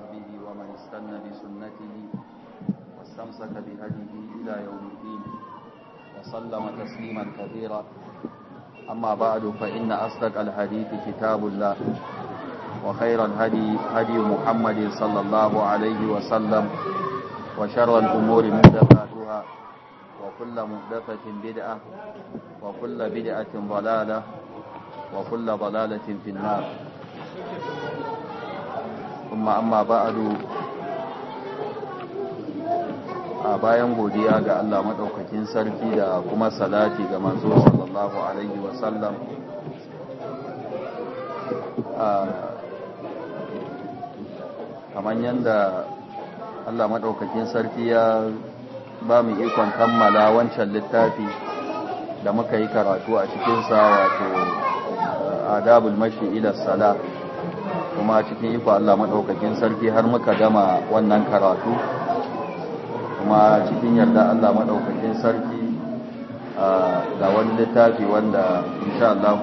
وصحبه ومن استنى بسنته واستمسك بهديه إلى يوم الدين وسلم تسليما كثيرا أما بعد فإن أصدق الحديث كتاب الله وخير الهدي هدي محمد صلى الله عليه وسلم وشر الأمور مهدفاتها وكل مهدفة بدعة وكل بدعة ضلالة وكل ضلالة في النار ثم ba بعد a bayan godiya ga Allah maɗaukakin sarki da kuma salati ga manzo sallallahu alaihi wasallam kamar yadda Allah maɗaukakin sarki ya ba mu ikon kammala wancan littafi da muka yi karatu a cikinsa wato adabul mashi ila salat kuma cikin iko Allah maɗaukakin sarki har muka gama wannan karatu kuma cikin yarda Allah maɗaukakin sarki ga wani littafi wanda insha Allah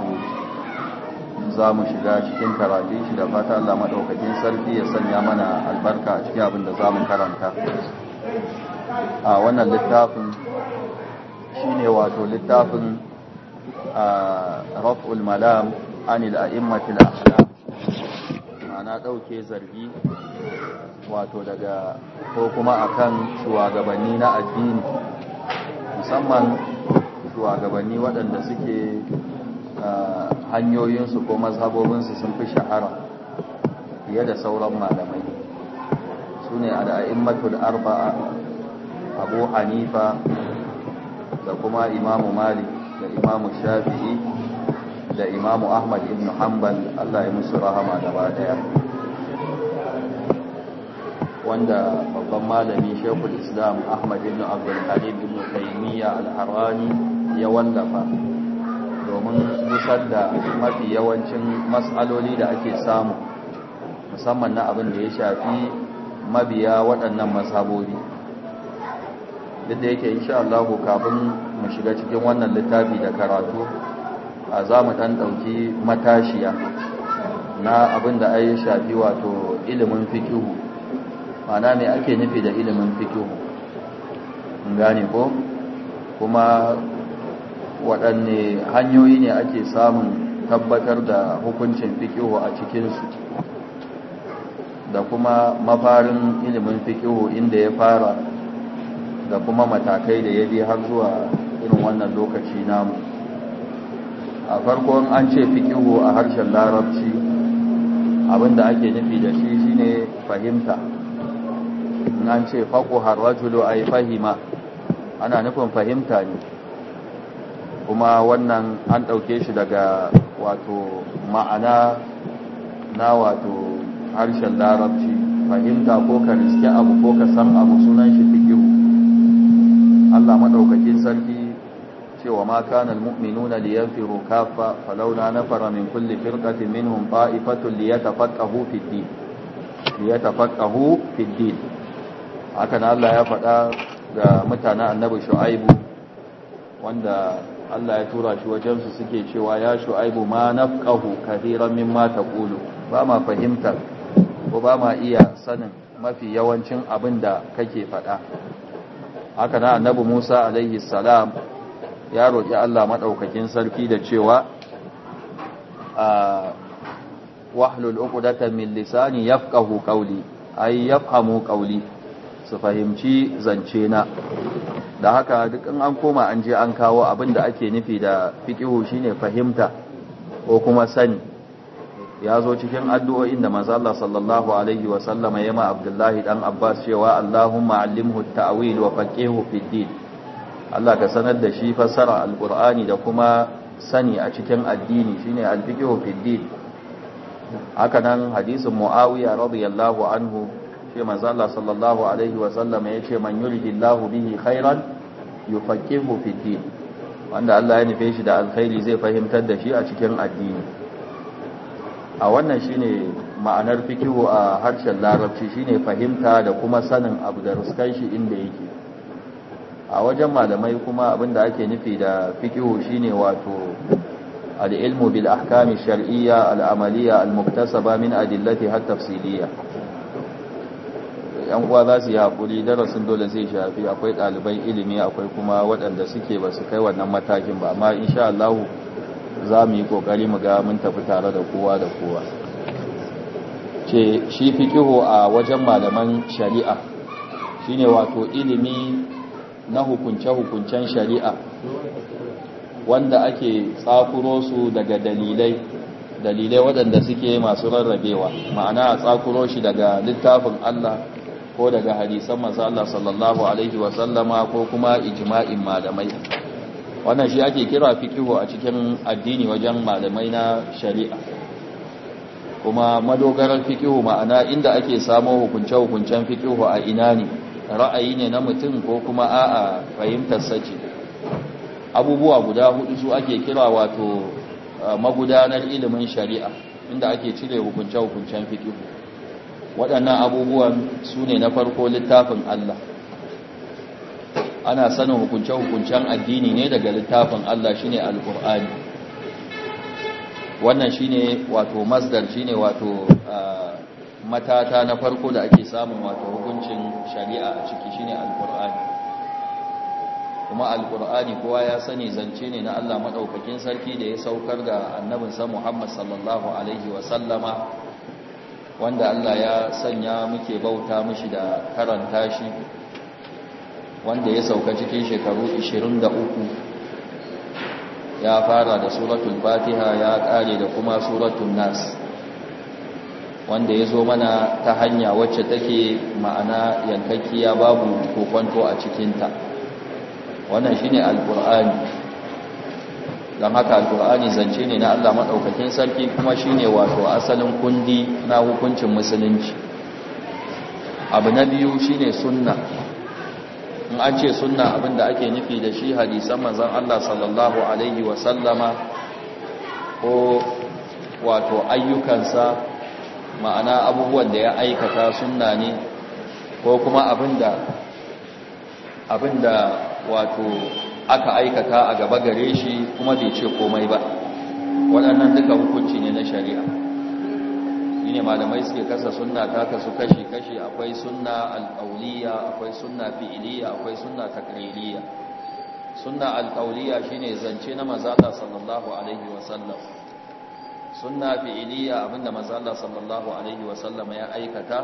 za mu shiga cikin karatun shi da fata Allah maɗaukakin sarki ya sanya mana albarka a cikin abin da za mu karanta a wannan littafin shi ne wato littafin raf'ul malam anil a'immatil ahla ma'ana ɗauke zargi wato daga ko kuma akan shugabanni na addini musamman shugabanni waɗanda suke hanyoyinsu ko mazhabobinsu sun fi shahara fiye da sauran malamai su ne a al'a'immatul arba'a abu hanifa da kuma imamu malik da imamu shafi'i da imamu ahmad ibn hanbal allah ya musu rahama ba daya wanda babban malami shekul islam ahmad ibn abdulhalim ibn taimiyya al-harani ya wallafa domin busar da mafi yawancin matsaloli da ake samu musamman na abin da ya shafi mabiya waɗannan masabobi duk da yake insha Allah kafin mu shiga cikin wannan littafi da karatu a za mu ɗan ɗauki matashiya na abin da ai shafi wato ilimin fikihu mana mai ake nufi da ilimin fikihu gane ko kuma waɗanne hanyoyi ne ake samun tabbatar da hukuncin fikihu a cikinsu da kuma mafarin ilimin fikihu inda ya fara da kuma matakai da ya bi har zuwa irin wannan lokaci namu a farkon an ce fikihu a harshen larabci abinda ake nufi da shi shine fahimta an ce faquhar rajulu ayi fahima ana nufin fahimta ne kuma wannan an ɗauke shi daga wato ma'ana na wato harshen larabci fahimta ko ka riske abu ko ka san abu sunan shi fikihu Allah maɗaukakin sarki ce wa ma kana almu'minuna liyanfiru kaffa falawla nafara min kulli firqatin minhum ta'ifatun liyatafaqahu fid din liyatafaqahu fid din haka nan Allah ya faɗa ga mutanen annabi Shu'aibu wanda Allah ya tura shi wajen su suke cewa ya Shu'aibu ma nafqahu kathiran mimma taqulu ba ma fahimtar ko ba ma iya sanin mafi yawancin abin da kake faɗa haka na annabi Musa alaihi salam ya roƙi Allah maɗaukakin sarki da cewa wahlul uqdatan min lisani yafqahu qawli ay yafhamu ƙauli su fahimci zance na da haka duk in an koma an je an kawo abin da ake nufi da fiƙihu shine fahimta ko kuma sani ya zo cikin addu'o'in da mazala sallallahu alaihi wa sallama ma Abdullahi ɗan Abbas cewa Allahu ma'allimhu ta'awil wa faqihu fiddin Allah ka sanar da shi fassara alqur'ani da kuma sani a cikin addini shine alfiqhu fid haka nan hadisin muawiya radiyallahu anhu shi manzo Allah sallallahu alaihi wa sallam yace man yuridillahu bihi khairan yufaqihu fiddin din wanda Allah ya nufe shi da alkhairi zai fahimtar da shi a cikin addini a wannan shine ma'anar fikihu a harshen larabci shine fahimta da kuma sanin abu da ruskan shi inda yake a wajen malamai kuma abinda ake nufi da fiqhu shine wato al-ilmu bil ahkami shar'iyya al-amaliyya al-muktasaba min adillati har tafsiliyya yan uwa za su yi hakuri darasin dole zai shafi akwai ɗaliban ilimi akwai kuma waɗanda suke ba su kai wannan matakin ba amma insha Allah za mu yi kokari mu ga mun tafi tare da kowa da kowa ce shi fiqihu a wajen malaman shari'a shine wato ilimi na hukunce-hukuncen shari'a wanda ake tsakuro su daga dalilai dalilai waɗanda suke masu rarrabewa ma'ana a tsakuro shi daga littafin Allah ko daga hadisan masu Allah sallallahu alaihi wa ko kuma ijima'in malamai wannan shi ake kira fikihu a cikin addini wajen malamai na shari'a kuma madogarar fiƙihu ma'ana inda ake samun hukunce-hukuncen fiƙihu a ina ne ra'ayi ne na mutum ko kuma a'a fahimtar sace abubuwa guda hudu su ake kira wato ah, magudanar ilimin shari'a inda ake cire hukunce-hukuncen fikihu waɗannan abubuwan su ne na farko littafin Allah ana sanin hukunce-hukuncen addini ne daga littafin Allah shine alkur'ani wannan shine wato masdar shine wato ah, matata na farko da ake samun wato hukuncin shari'a a ciki shine alqur'ani kuma alqur'ani kowa ya sani zance ne na Allah madaukakin sarki da ya saukar da annabin sa Muhammad sallallahu alaihi wa sallama wanda Allah ya sanya muke bauta mishi da karanta shi wanda ya sauka cikin shekaru 23 ya fara da suratul fatiha ya kare da kuma suratul nas wanda ya zo mana ta hanya wacce take ma'ana yankakkiya babu kokonto a cikinta wannan shi ne alƙur'ani don haka alƙur'ani zance ne na allah maɗaukakin sarki kuma shi wato asalin kundi na hukuncin musulunci abu na biyu shi ne sunna in an ce sunna abinda ake nufi da shi hadisan manzan allah sallallahu alaihi wasallama ko wato ayyukansa ma'ana abubuwan da ya aikata sunna ne ko kuma abinda abinda wato aka aikata a gaba gare shi kuma bai ce komai ba waɗannan duka hukunci ne na shari'a ne malamai suke kasa sunna ta kasu kashi kashi akwai sunna alqauliya akwai sunna fi'liya akwai sunna takririya sunna alqauliya shine zance na manzo sallallahu alaihi wasallam sunna fi'iliya abinda mazala sallallahu alaihi wasallama ya aikata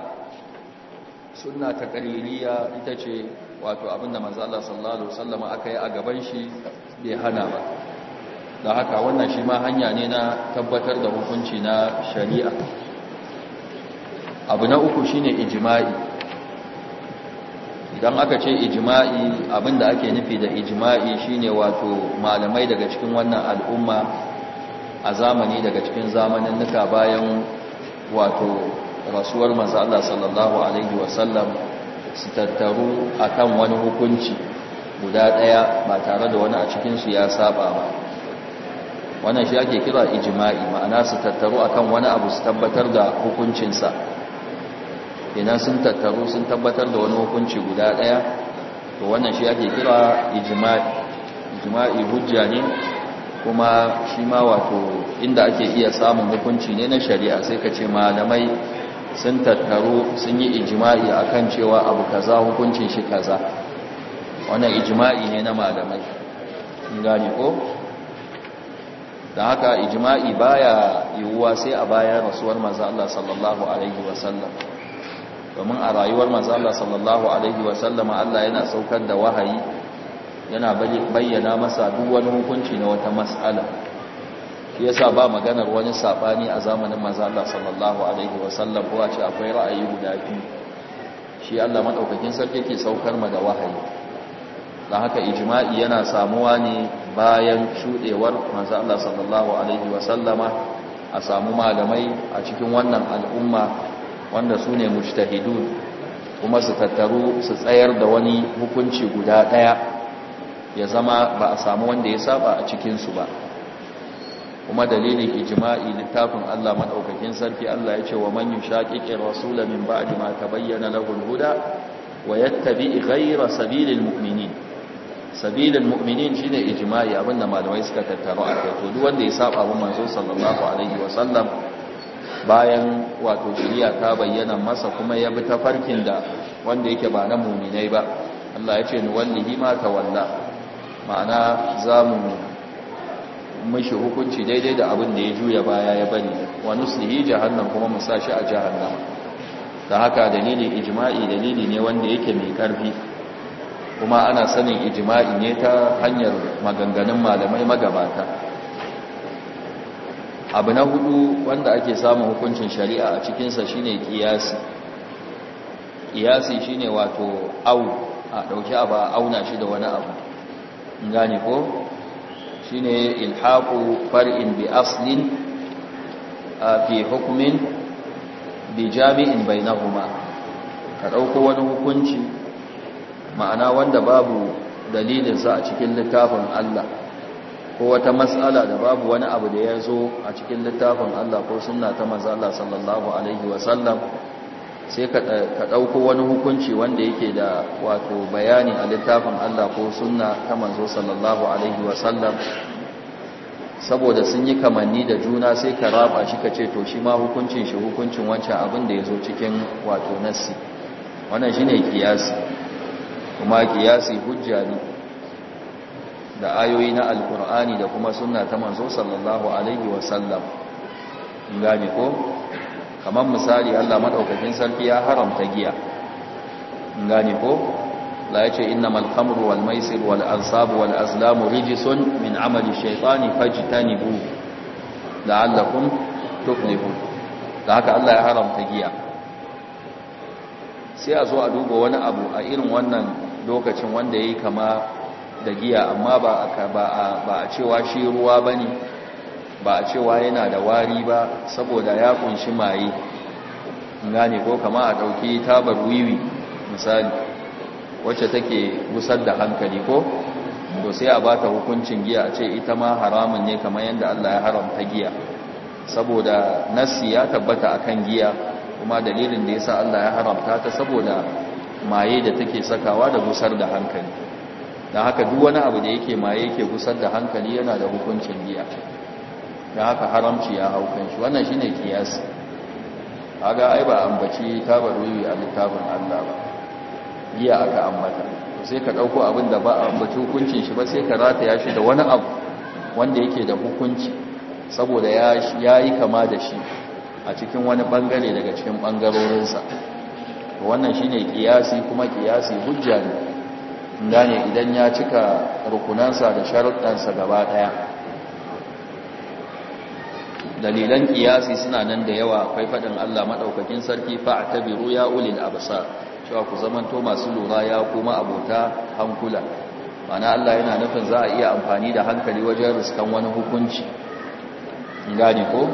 sunna ta ita ce wato abinda mazala Allah sallallahu alaihi wasallama aka yi a gaban shi bai hana ba da haka wannan shi ma hanya ne na tabbatar da hukunci na shari'a abu na uku shine Ijima'i. idan aka ce Ijima'i, abinda ake nufi da shi shine wato malamai daga cikin wannan al'umma a zamani daga cikin zamanin nuka bayan wato rasuwar manzo Allah sallallahu alaihi wasallam su tattaru akan wani hukunci guda daya ba tare da wani a cikin su ya saba ba wannan shi ake kira ijma'i ma'ana su tattaru akan wani abu su tabbatar da hukuncinsa idan sun tattaru sun tabbatar da wani hukunci guda daya to wannan shi ake kira ijma'i ijma'i hujja ne kuma shi ma wato inda ake iya samun hukunci ne na shari'a sai ka ce malamai sun tattaru sun yi ijima'i akan cewa abu kaza hukuncin shi kaza wannan ijima'i ne na malamai in gane ko da haka ijima'i baya yiwuwa sai a bayan rasuwar manzo Allah sallallahu alaihi wasallam domin a rayuwar manzo Allah sallallahu alaihi wasallam Allah yana saukar da wahayi yana bayyana masa duk wani hukunci na wata mas'ala shi yasa ba maganar wani sabani a zamanin manzo Allah sallallahu alaihi wasallam ko a ce akwai ra'ayi guda biyu shi Allah madaukakin sarki yake saukar ma da wahayi dan haka ijma'i yana samuwa ne bayan shudewar manzo Allah sallallahu alaihi wasallama a samu malamai a cikin wannan al'umma wanda su ne mujtahidun kuma su tattaru su tsayar da wani hukunci guda daya ya zama ba a samu wanda ya saba a cikinsu ba kuma dalilin ijma'i littafin Allah madaukakin sarki Allah ya ce wa man yushaqiqir rasula min ba'di ma tabayyana lahu al-huda wa yattabi ghayra sabilil mu'minin sabilil mu'minin shine ijma'i abinda malamai suka tattaro a kai to duk wanda ya saba wa manzo sallallahu alaihi wa sallam bayan wato shari'a ta bayyana masa kuma ya bi tafarkin da wanda yake ba na mu'minai ba Allah ya ce ni wallahi ma tawalla ma'ana za mu mashi hukunci daidai da abin da ya juya baya ya bari su yi jahannam kuma mu shi a jahannam da haka dalilin ijima'i dalili ne wanda yake mai karfi kuma ana sanin ijima'i ne ta hanyar maganganun malamai magabata abu na hudu wanda ake samun hukuncin shari'a a cikinsa shine kiyasi kiyasi shi ne wato au a dauki abu a auna shi da wani abu gane ko shine ilhaqu far'in bi aslin fi hukumin bi jami'in bainahuma ka ɗauko wani hukunci ma'ana wanda babu dalilinsa a cikin littafin Allah ko wata matsala da babu wani abu da ya zo a cikin littafin Allah ko sunna ta maza Allah sallallahu alaihi wasallam sai ka ɗauko wani hukunci wanda yake da wato bayani a littafin Allah ko sunna ta manzo sallallahu alaihi wasallam saboda sun yi kamanni da juna sai ka raba shi ka ce to shi ma hukuncin shi hukuncin wancan abin da ya zo cikin wato nassi wannan shi ne kiyasi kuma kiyasi hujja ne da ayoyi na alkur'ani da kuma sunna ta manzo sallallahu alaihi wasallam gane ko kamar misali Allah maɗaukakin sarki ya haramta giya gane ko la yace innamal khamru wal maisir wal ansabu wal min rijsun min amali shaytani fajtanibu la'allakum tuflihun da haka Allah ya haramta giya sai a zo a duba wani abu a irin wannan lokacin wanda yayi kama da giya amma ba a a cewa shi ruwa bane ba a cewa yana da wari ba saboda ya kunshi maye gane ko kama a ɗauki tabar wiwi misali wacce take gusar da hankali ko to sai a bata hukuncin giya a ce ita ma haramun ne kamar yadda Allah ya haramta giya saboda nassi ya tabbata akan giya kuma dalilin da ya sa Allah ya haramta ta saboda maye da take sakawa da gusar da hankali don haka duk wani abu da yake maye yake gusar da hankali yana da hukuncin giya da haka haramci ya hau kan shi wannan shine kiyasi kaga ai ba ambaci tabarwi a littafin Allah ba iya aka ambata sai ka dauko abin da ba a ambaci hukuncin shi ba sai ka ya shi da wani abu wanda yake da hukunci saboda ya yi kama da shi a cikin wani bangare daga cikin bangarorinsa wannan shine kiyasi kuma kiyasi hujja ne ne idan ya cika rukunansa da sharuɗansa gaba ɗaya dalilan kiyasi suna nan da yawa akwai fadin Allah madaukakin sarki fa atabiru ya ulil absar cewa ku zamanto masu lura ya kuma abota hankula mana Allah yana nufin za a iya amfani da hankali wajen riskan wani hukunci gane ko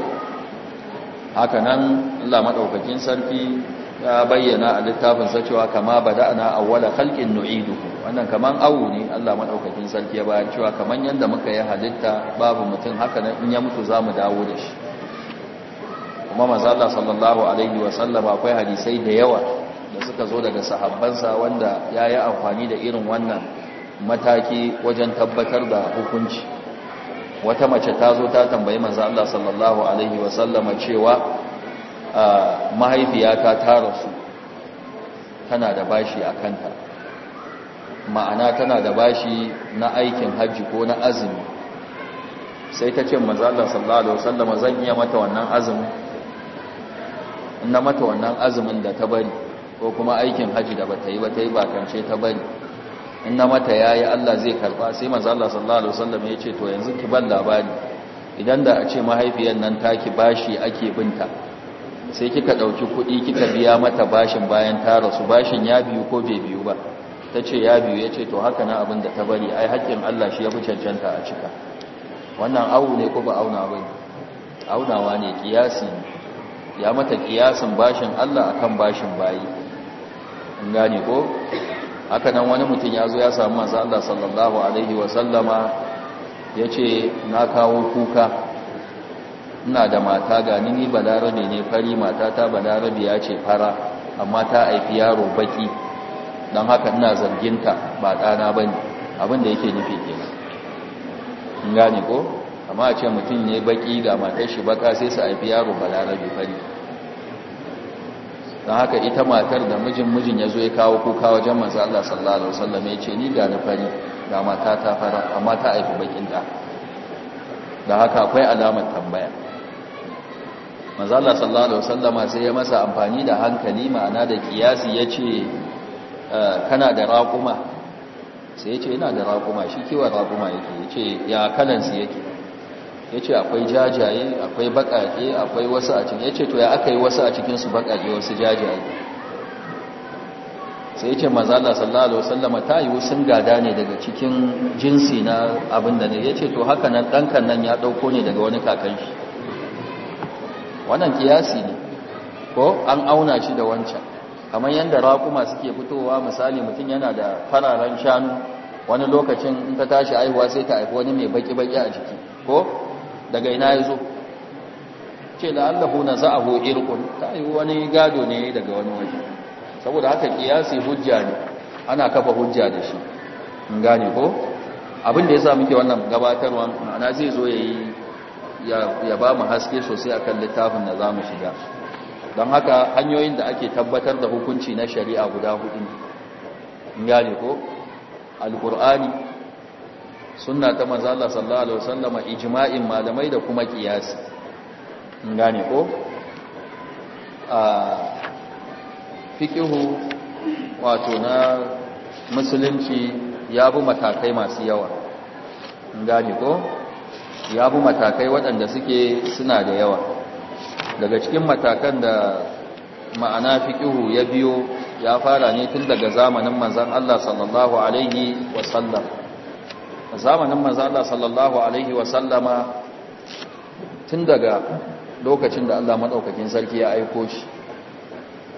haka nan Allah madaukakin sarki ya bayyana a littafin littafinsa cewa kama bada'na awwala khalqin nu'idu. wannan kaman awu ne Allah madaukakin sarki ya bayyana cewa kaman yanda muka yi halitta babu mutum haka nan in ya mutu zamu dawo da shi kuma mazala sallallahu alaihi wasallam akwai hadisai da yawa da suka zo daga sahabbansa wanda ya yi amfani da irin wannan mataki wajen tabbatar da hukunci wata mace ta zo ta tambayi mazala sallallahu alaihi wasallam cewa mahaifiyata ta rasu tana da bashi a kanta ma'ana tana da bashi na aikin hajji ko na azumi sai ta ce manzo sallallahu alaihi wasallam zan iya mata wannan azumin na mata wannan azumin da ta bari ko kuma aikin haji da bata yi bata yi bakance ta bari in na mata yayi Allah zai karba sai manzo Allah sallallahu alaihi wasallam ya ce to yanzu ki ban labari idan da a ce mahaifiyar nan ta ki bashi ake binta sai kika dauki kuɗi kika biya mata bashin bayan ta rasu bashin ya biyu ko bai biyu ba ta ce ya biyu ya ce to haka na abin da ta bari ai haƙƙin Allah shi ya fi cancanta a cika wannan awu ne ko ba auna ba aunawa ne kiyasi ne ya mata kiyasin bashin Allah akan bashin bayi in ko haka nan wani mutum ya zo ya samu manzo Allah sallallahu alaihi wa sallama yace na kawo kuka ina da mata gani ni balarabe ne fari mata ta balarabe ya ce fara amma ta aifi yaro baki don haka ina zarginta ba ɗana ba ne abinda yake nufi ke gani ko kama a ce mutum ne baki ga matar shi baka sai su haifi yaro balarabe fari don haka ita matar da mijin mijin ya zo ya kawo kuka wajen manzo Allah sallallahu alaihi wasallam ya ce ni da na fari ga mata ta fara amma ta haifi bakin da da haka akwai alamar tambaya manzo Allah sallallahu alaihi wasallam sai ya masa amfani da hankali ma'ana da kiyasi ce eh, kana da raƙuma sai ce yana da raƙuma shi kiwa raƙuma yake yace ya kalan su yake ya ce akwai jajaye akwai baƙaƙe akwai wasu a cikin ya ce to ya aka yi wasu a cikinsu baƙaƙe wasu jajaye sai ce mazala sallalo sallama ta yi sun gada ne daga cikin jinsi na abin da ne ya ce to haka nan ɗankan nan ya ɗauko ne daga wani kakan shi wannan kiyasi ne ko an auna shi da wancan kamar yadda rakuma suke fitowa misali mutum yana da fararen shanu wani lokacin in ta tashi haihuwa sai ta haifi wani mai baki-baki a jiki ko daga ina ya zo ce da allahu na za'ahu rukun. ta yi wani gado ne daga wani waje saboda haka kiyasi hujja ne ana kafa hujja da shi in gane ko abin da yasa muke wannan gabatarwa ma'ana zai zo ya yi ya ba mu haske sosai akan littafin da zamu shiga don haka hanyoyin da ake tabbatar da hukunci na shari'a guda hudu in gane ko alkur'ani sunna ta manzo Allah sallallahu alaihi wasallam ijma'in malamai da kuma kiyasi gane ko a fiqhu wato na musulunci ya bi matakai masu yawa gane ko ya bi matakai waɗanda suke suna da yawa daga cikin matakan da ma'ana fiqhu ya biyo ya fara ne tun daga zamanin manzon Allah sallallahu alaihi wasallam zamanin manzo Allah sallallahu alaihi wa sallama tun daga lokacin da Allah maɗaukakin sarki ya aiko shi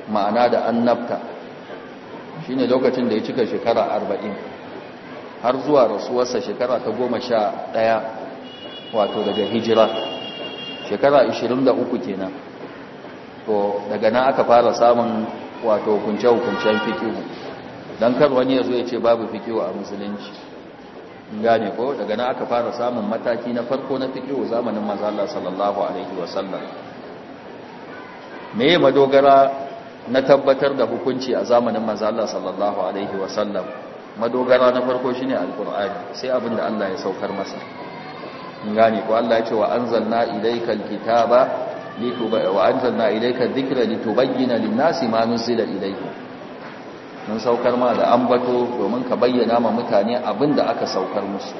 ma'ana da an shi ne lokacin da ya cika shekara arba'in, har zuwa rasuwarsa shekara ta goma sha ɗaya, wato daga hijira shekara 23 kenan to daga nan aka fara samun wato hukunce-hukuncen fikihu don kar wani ya zo ya ce babu fikihu a musulunci gane ko daga nan aka fara samun mataki na farko na fiqh zamanin manzo Allah sallallahu alaihi wasallam meye madogara na tabbatar da hukunci a zamanin manzo Allah sallallahu alaihi wasallam madogara na farko shine alqur'ani sai abin da Allah ya saukar masa gane ko Allah ya ce wa anzalna ilaykal kitaba lituba wa anzalna ilayka dhikra litubayyana lin-nasi ma nuzila ilayhim mun saukar ma da ambato domin ka bayyana ma mutane abin da aka saukar musu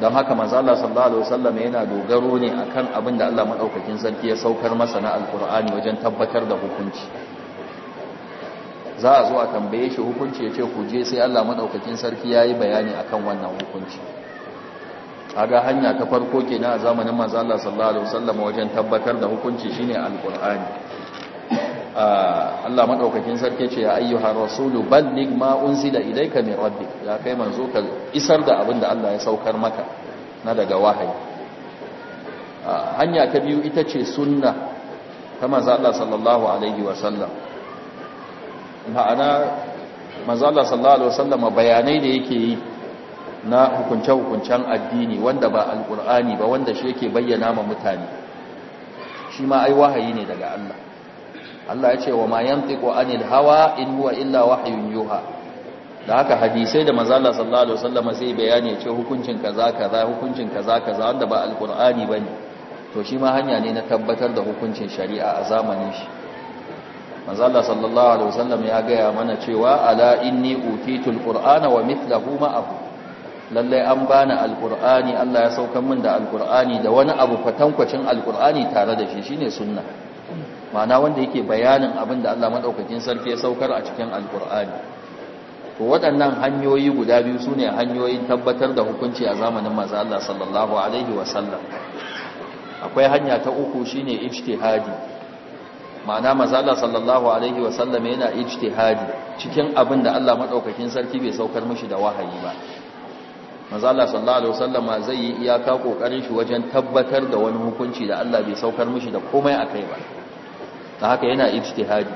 don haka manzo Allah sallallahu alaihi wasallam yana dogaro ne akan abin da Allah madaukakin sarki ya saukar masa na alqur'ani wajen tabbatar da hukunci za a zo a tambaye shi hukunci ya ce ku je sai Allah madaukakin sarki ya yi bayani akan wannan hukunci kaga hanya ta farko kenan a zamanin manzo Allah sallallahu alaihi wasallam wajen tabbatar da hukunci shine alqur'ani Allah maɗaukakin sarki ce ya ayyuhar rasulu balligh ma unzila ka min rabbik ya kai manzo ka isar da abin da Allah ya saukar maka na daga wahayi hanya ta biyu ita ce sunna ta manzo Allah sallallahu alaihi wa sallam ma'ana manzo Allah sallallahu alaihi wa sallam bayanai da yake yi na hukunce-hukuncen addini wanda ba alkur'ani ba wanda shi yake bayyana ma mutane shi ma ai wahayi ne daga Allah Allah ya ce wa ma yantiqu anil hawa in huwa illa wahyun yuha da haka hadisai da manzo Allah sallallahu alaihi wasallam sai bayani ya ce hukuncin kaza kaza hukuncin kaza kaza wanda ba alqur'ani bane to shi ma hanya ne na tabbatar da hukuncin shari'a a zamanin shi manzo Allah sallallahu alaihi wasallam ya gaya mana cewa ala inni utitul qur'ana wa mithluhu ma'ahu lalle an bani alqur'ani Allah ya saukar min da alqur'ani da wani abu kwatankwacin alqur'ani tare da shi shine sunna mana wanda yake bayanin abin da Allah madaukakin sarki ya saukar a cikin alkur'ani to waɗannan hanyoyi guda biyu sune hanyoyin tabbatar da hukunci a zamanin manzo Allah sallallahu alaihi wasallam akwai hanya ta uku shine ijtihadi ma'ana manzo Allah sallallahu alaihi wasallam yana ijtihadi cikin abin da Allah maɗaukakin sarki bai saukar mishi da wahayi ba manzo Allah sallallahu alaihi wasallama zai yi iyaka kokarin shi wajen tabbatar da wani hukunci da Allah bai saukar mishi da komai akai ba ta haka yana ijtihadi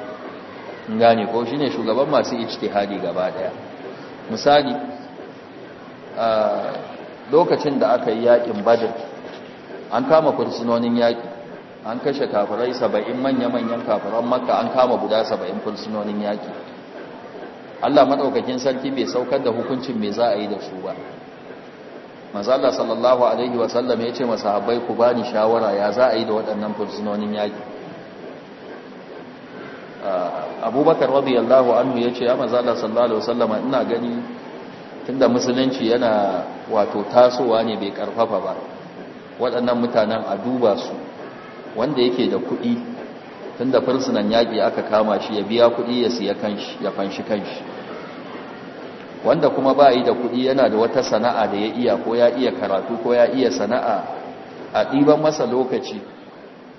in gane ko shine shugaban masu ijtihadi gaba daya misali a lokacin da aka yi yakin badr an kama fursunonin yaki an kashe kafirai 70 manya-manyan kafiran makka an kama guda 70 fursunonin yaki Allah madaukakin sarki bai saukar da hukuncin me za a yi da su ba mazala sallallahu alaihi wasallam ya ce habai ku bani shawara ya za a yi da waɗannan fursunonin yaƙi ah, abubakar allahu anhu ya ce ya mazala sallallahu alaihi wasallam ina gani tunda musulunci yana wato tasowa ne bai karfafa ba waɗannan mutanen a duba su wanda yake da kuɗi tunda fursunan yaƙi aka kama shi ya biya kuɗi ya siya kanshi ya fanshi kanshi wanda kuma ba yi da kuɗi yana da wata sana'a da ya iya ko ya iya karatu ko ya iya sana'a a ɗiban masa lokaci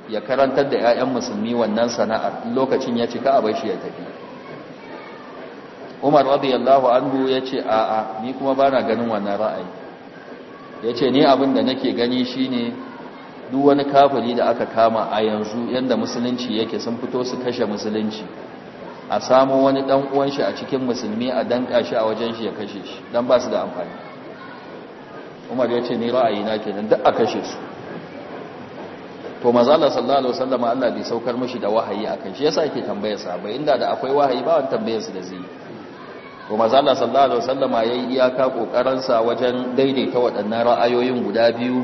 ya karantar da 'ya'yan musulmi wannan sana'ar lokacin ya cika a bashi ya tafi umar radiyallahu anhu ya ce a'a ni kuma ba na ganin wannan ra'ayi ya ce ni abin da nake gani shine duk wani kafiri da aka kama a yanzu yadda musulunci yake sun fito su kashe musulunci a samu wani dan uwan shi a cikin musulmi a danka shi a wajen shi ya kashe shi dan ba su da amfani Umar ya ce ni ra'ayi na kenan duk a kashe su to manzo Allah sallallahu alaihi wasallam Allah bai saukar mishi da wahayi akan shi yasa yake tambayar sahabbai inda da akwai wahayi ba wani tambayar su da zai to manzo Allah sallallahu alaihi wasallam yayi iyaka kokarin sa wajen daidaita waɗannan ra'ayoyin guda biyu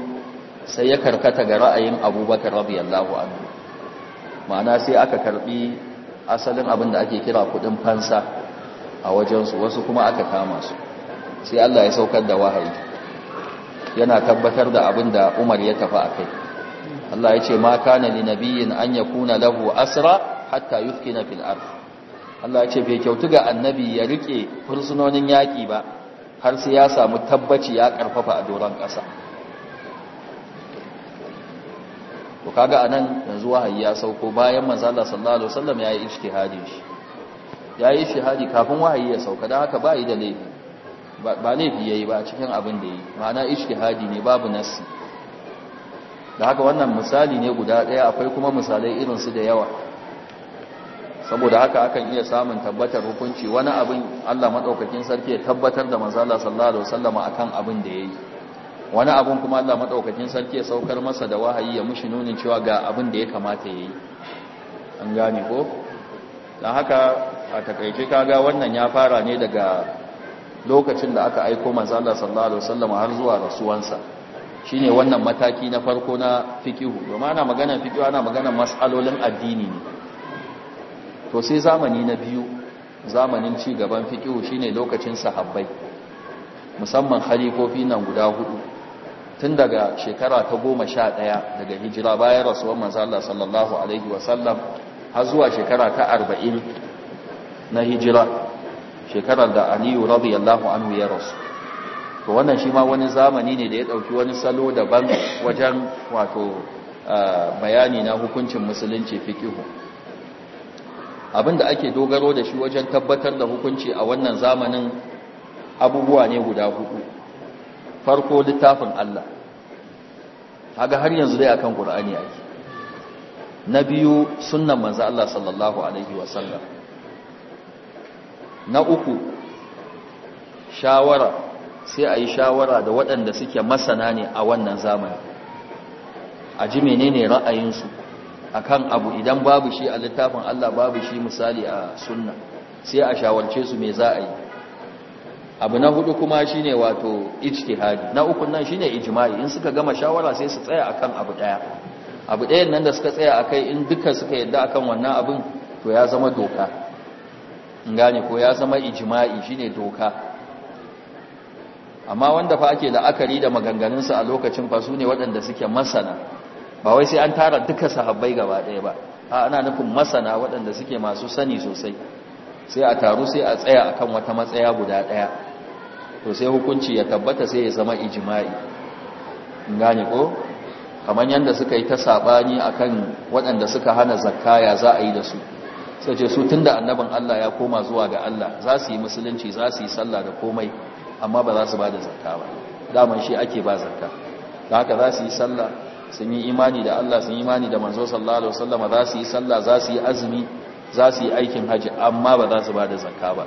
sai ya karkata ga ra'ayin Abubakar radiyallahu anhu ma'ana sai aka karbi asalin abin da ake kira kudin fansa a wajensu wasu kuma aka kama su sai Allah ya saukar da wahayi yana tabbatar da abin da Umar ya tafi a kai Allah ya ce ma kana li nabiyyin an yakuna lahu asra hatta yufkina fil ard Allah ya ce bai kyautu ga annabi ya rike fursunonin yaki ba har sai ya samu tabbaci ya karfafa a doron ƙasa to kaga anan yanzu wahayi ya sauko bayan manzo Allah sallallahu alaihi wasallam yayi ijtihadi shi yayi ijtihadi kafin wahayi ya sauka dan haka bai da laifi ba laifi yayi ba cikin abin da yi ma'ana ijtihadi ne babu nassi da haka wannan misali ne guda daya akwai kuma misalai irin su da yawa saboda haka akan iya samun tabbatar hukunci wani abin Allah madaukakin sarki ya tabbatar da manzo Allah sallallahu alaihi wasallam akan abin da yayi wani abun kuma Allah madaukakin sarki ya saukar masa da wahayi ya mushi nunin cewa ga abin da ya kamata yayi an gane ko dan haka a takaice kaga wannan ya fara ne daga lokacin da aka aika manzo Allah sallallahu alaihi wasallam har zuwa rasuwansa shine wannan mataki na farko na fiqihu domin ana magana fiqihu ana magana mas'alolin addini ne to sai zamani na biyu zamanin ci gaban fiqihu shine lokacin sahabbai musamman khalifofi nan guda hudu tun daga shekara ta goma sha ɗaya daga hijira bayan rasuwar manzala sallallahu alaihi wasallam har zuwa shekara ta arba'in na hijira shekarar da aliyu yallahu anhu ya rasu to wannan shi ma wani zamani ne da ya ɗauki wani salo daban wajen wato bayani na hukuncin musulunci fikihu Abin abinda ake dogaro da shi wajen tabbatar da hukunci a wannan zamanin abubuwa ne guda hudu farko littafin Allah haga har yanzu dai akan Qur'ani ake na biyu sunnan manzo Allah sallallahu alaihi wasallam na uku shawara sai a yi shawara da waɗanda suke masana ne a wannan zamani a ji menene ra'ayinsu akan abu idan babu shi a littafin Allah babu shi misali a sunna sai a shawarce su me za a yi abu na hudu kuma shine wato ijtihadi na uku nan shine ijma'i in suka gama shawara sai su tsaya akan abu daya abu dayan nan da suka tsaya akai in duka suka yadda akan wannan abin to ya zama doka in gane ko ya zama shi shine doka amma wanda fa ake la'akari da maganganun a lokacin fa sune waɗanda suke masana ba wai sai an tara duka sahabbai gaba daya ba a ana nufin masana waɗanda suke masu sani sosai sai a taru sai a tsaya akan wata matsaya guda ɗaya. to sai hukunci ya tabbata sai ya zama ijima'i gani ko kamar yadda suka yi ta sabani akan waɗanda suka hana zakka za a yi da su sai ce su tunda annabin Allah ya koma zuwa ga Allah za su yi musulunci za su yi sallah da komai amma ba za su ba da zakka ba daman shi ake ba zakka da haka za su yi sallah sun yi imani da Allah sun yi imani da manzo sallallahu alaihi wasallam za su yi sallah za su yi azumi za su yi aikin hajji, amma ba za su ba da zaka ba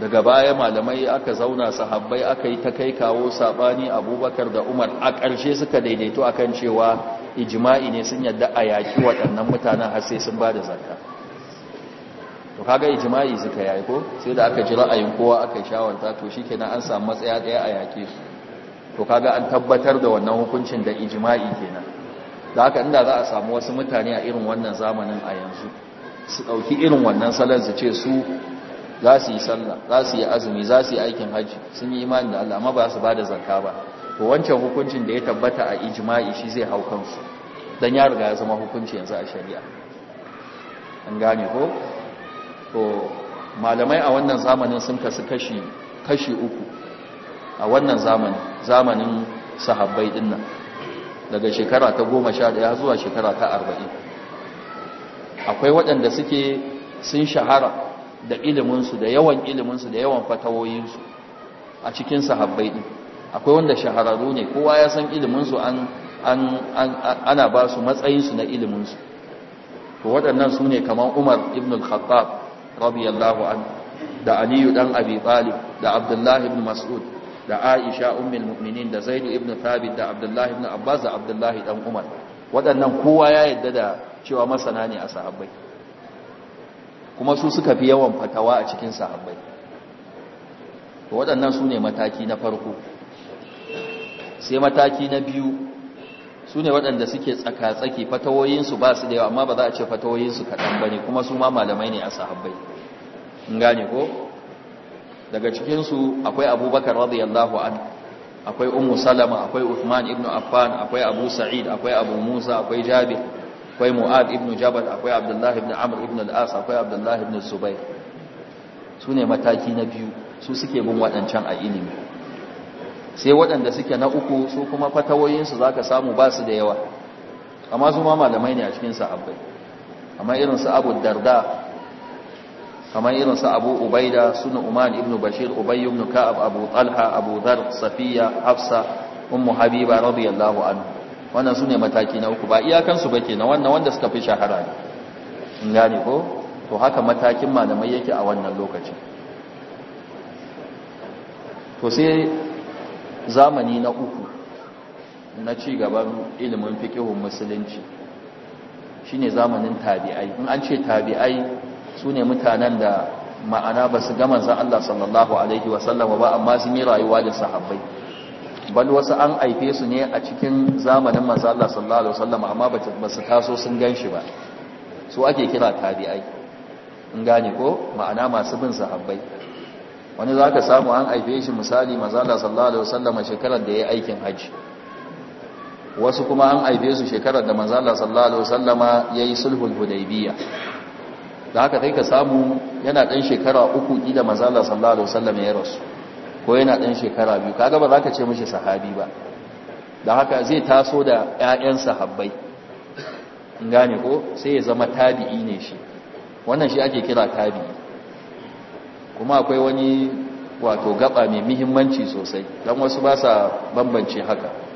daga baya malamai aka zauna sahabbai aka yi ta kai kawo sabani abubakar da umar a ƙarshe suka daidaito a kan cewa ijima'i ne sun yadda a yaki waɗannan mutanen har sai sun ba da zakka to kaga ijima'i suka yayi ko sai da aka ji ra'ayin kowa aka shawarta to shi kenan an samu matsaya ɗaya a yake su to kaga an tabbatar da wannan hukuncin da ijima'i kenan da haka inda za a samu wasu mutane a irin wannan zamanin a yanzu su ɗauki irin wannan salar su ce su za su yi sallah za su yi azumi za su yi aikin hajji sun yi imani da Allah amma ba su ba da zarka ba to wancan hukuncin da ya tabbata a ijma'i shi zai hau kansu don ya riga ya zama hukunci yanzu a shari'a an gane ko to malamai a wannan zamanin sun kasu kashi kashi uku a wannan zamanin zamanin sahabbai dinnan daga shekara ta goma sha daya, zuwa shekara ta arba'in akwai waɗanda suke sun shahara da iliminsu da yawan iliminsu da yawan fatawoyinsu a cikin sahabbai ɗin akwai wanda shahararru ne kowa ya san iliminsu ana ba su matsayinsu na iliminsu to waɗannan su ne kamar umar ibn al-khattab radiyallahu an da aliyu ɗan abi balib da abdullahi ibn mas'ud da Aisha ummul mu'minin da Zaid ibn Thabit da Abdullah ibn Abbas da Abdullah dan Umar waɗannan kowa ya yadda da cewa masana ne a sahabbai kuma su suka fi yawan fatawa a cikin sahabbai to waɗannan su mataki na farko sai mataki na biyu su ne waɗanda suke tsaka-tsaki fatawoyinsu ba su da yawa amma ba za a ce fatawoyinsu kaɗan ba ne kuma su ma malamai ne a sahabbai gane ko daga cikinsu akwai abubakar radiyallahu anhu akwai ummu salama akwai uthman ibn affan akwai abu sa'id akwai abu musa akwai jabir akwai mu'ad ibn jabal akwai abdullah ibn amr ibn al-as akwai abdullah ibn zubair su ne mataki na biyu su suke bin waɗancan a ilimi sai waɗanda suke na uku su kuma fatawoyinsu za ka samu ba su da yawa amma su ma malamai ne a cikin sahabbai amma irinsu abu darda kamar irin su Abu Ubaida sunu Uman ibn Bashir Ubay ibn Ka'ab Abu Talha Abu Dhar Safiya Hafsa Ummu Habiba radiyallahu anhu wannan sune mataki na uku ba iyakansu su bake na wannan wanda suka fi shahara ne in gane ko to haka matakin malamai yake a wannan lokaci to sai zamani na uku na ci gaban ilimin fiqihun musulunci shine zamanin tabi'ai in an ce tabi'ai su ne mutanen da ma'ana ba su gama zan Allah sallallahu alaihi wasallam ba amma sun yi rayuwa da sahabbai bal wasu an aife su ne a cikin zamanin manzo Allah sallallahu alaihi wasallam amma ba su taso sun gan shi ba su ake kira tabi'ai in gane ko ma'ana masu bin sahabbai wani za ka samu an aife shi misali manzo Allah sallallahu alaihi a shekarar da ya yi aikin hajji wasu kuma an aife su shekarar da manzo Allah sallallahu alaihi wasallama yi sulhul hudaybiyah da haka kai ka samu yana ɗan shekara uku ƙila mazala sallallahu alaihi wasallam ya rasu ko yana ɗan shekara biyu kaga ba za ka ce mishi sahabi ba da haka zai taso da 'ya'yan sahabbai in gane ko sai ya zama tabi'i ne shi wannan shi ake kira tabi'i kuma akwai wani wato gaba mai muhimmanci sosai dan wasu ba sa bambance haka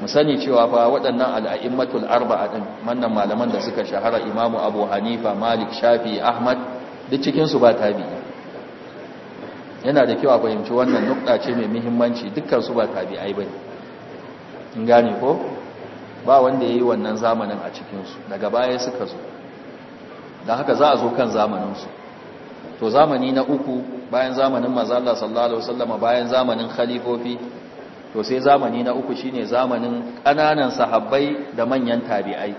mu sani cewa fa waɗannan al'a'immatul arba'a din wannan malaman da suka shahara imamu abu hanifa malik shafi ahmad duk cikin su ba tabi'i yana da kyau a fahimci wannan nukta ce mai muhimmanci dukkan su ba tabi'ai bane in gane ko ba wanda yayi wannan zamanin a cikin su daga baya suka zo dan haka za a zo kan zamanin su to zamani na uku bayan zamanin manzo Allah sallallahu alaihi wasallama bayan zamanin khalifofi to sai zamani na uku shine zamanin kananan sahabbai da manyan tabi'ai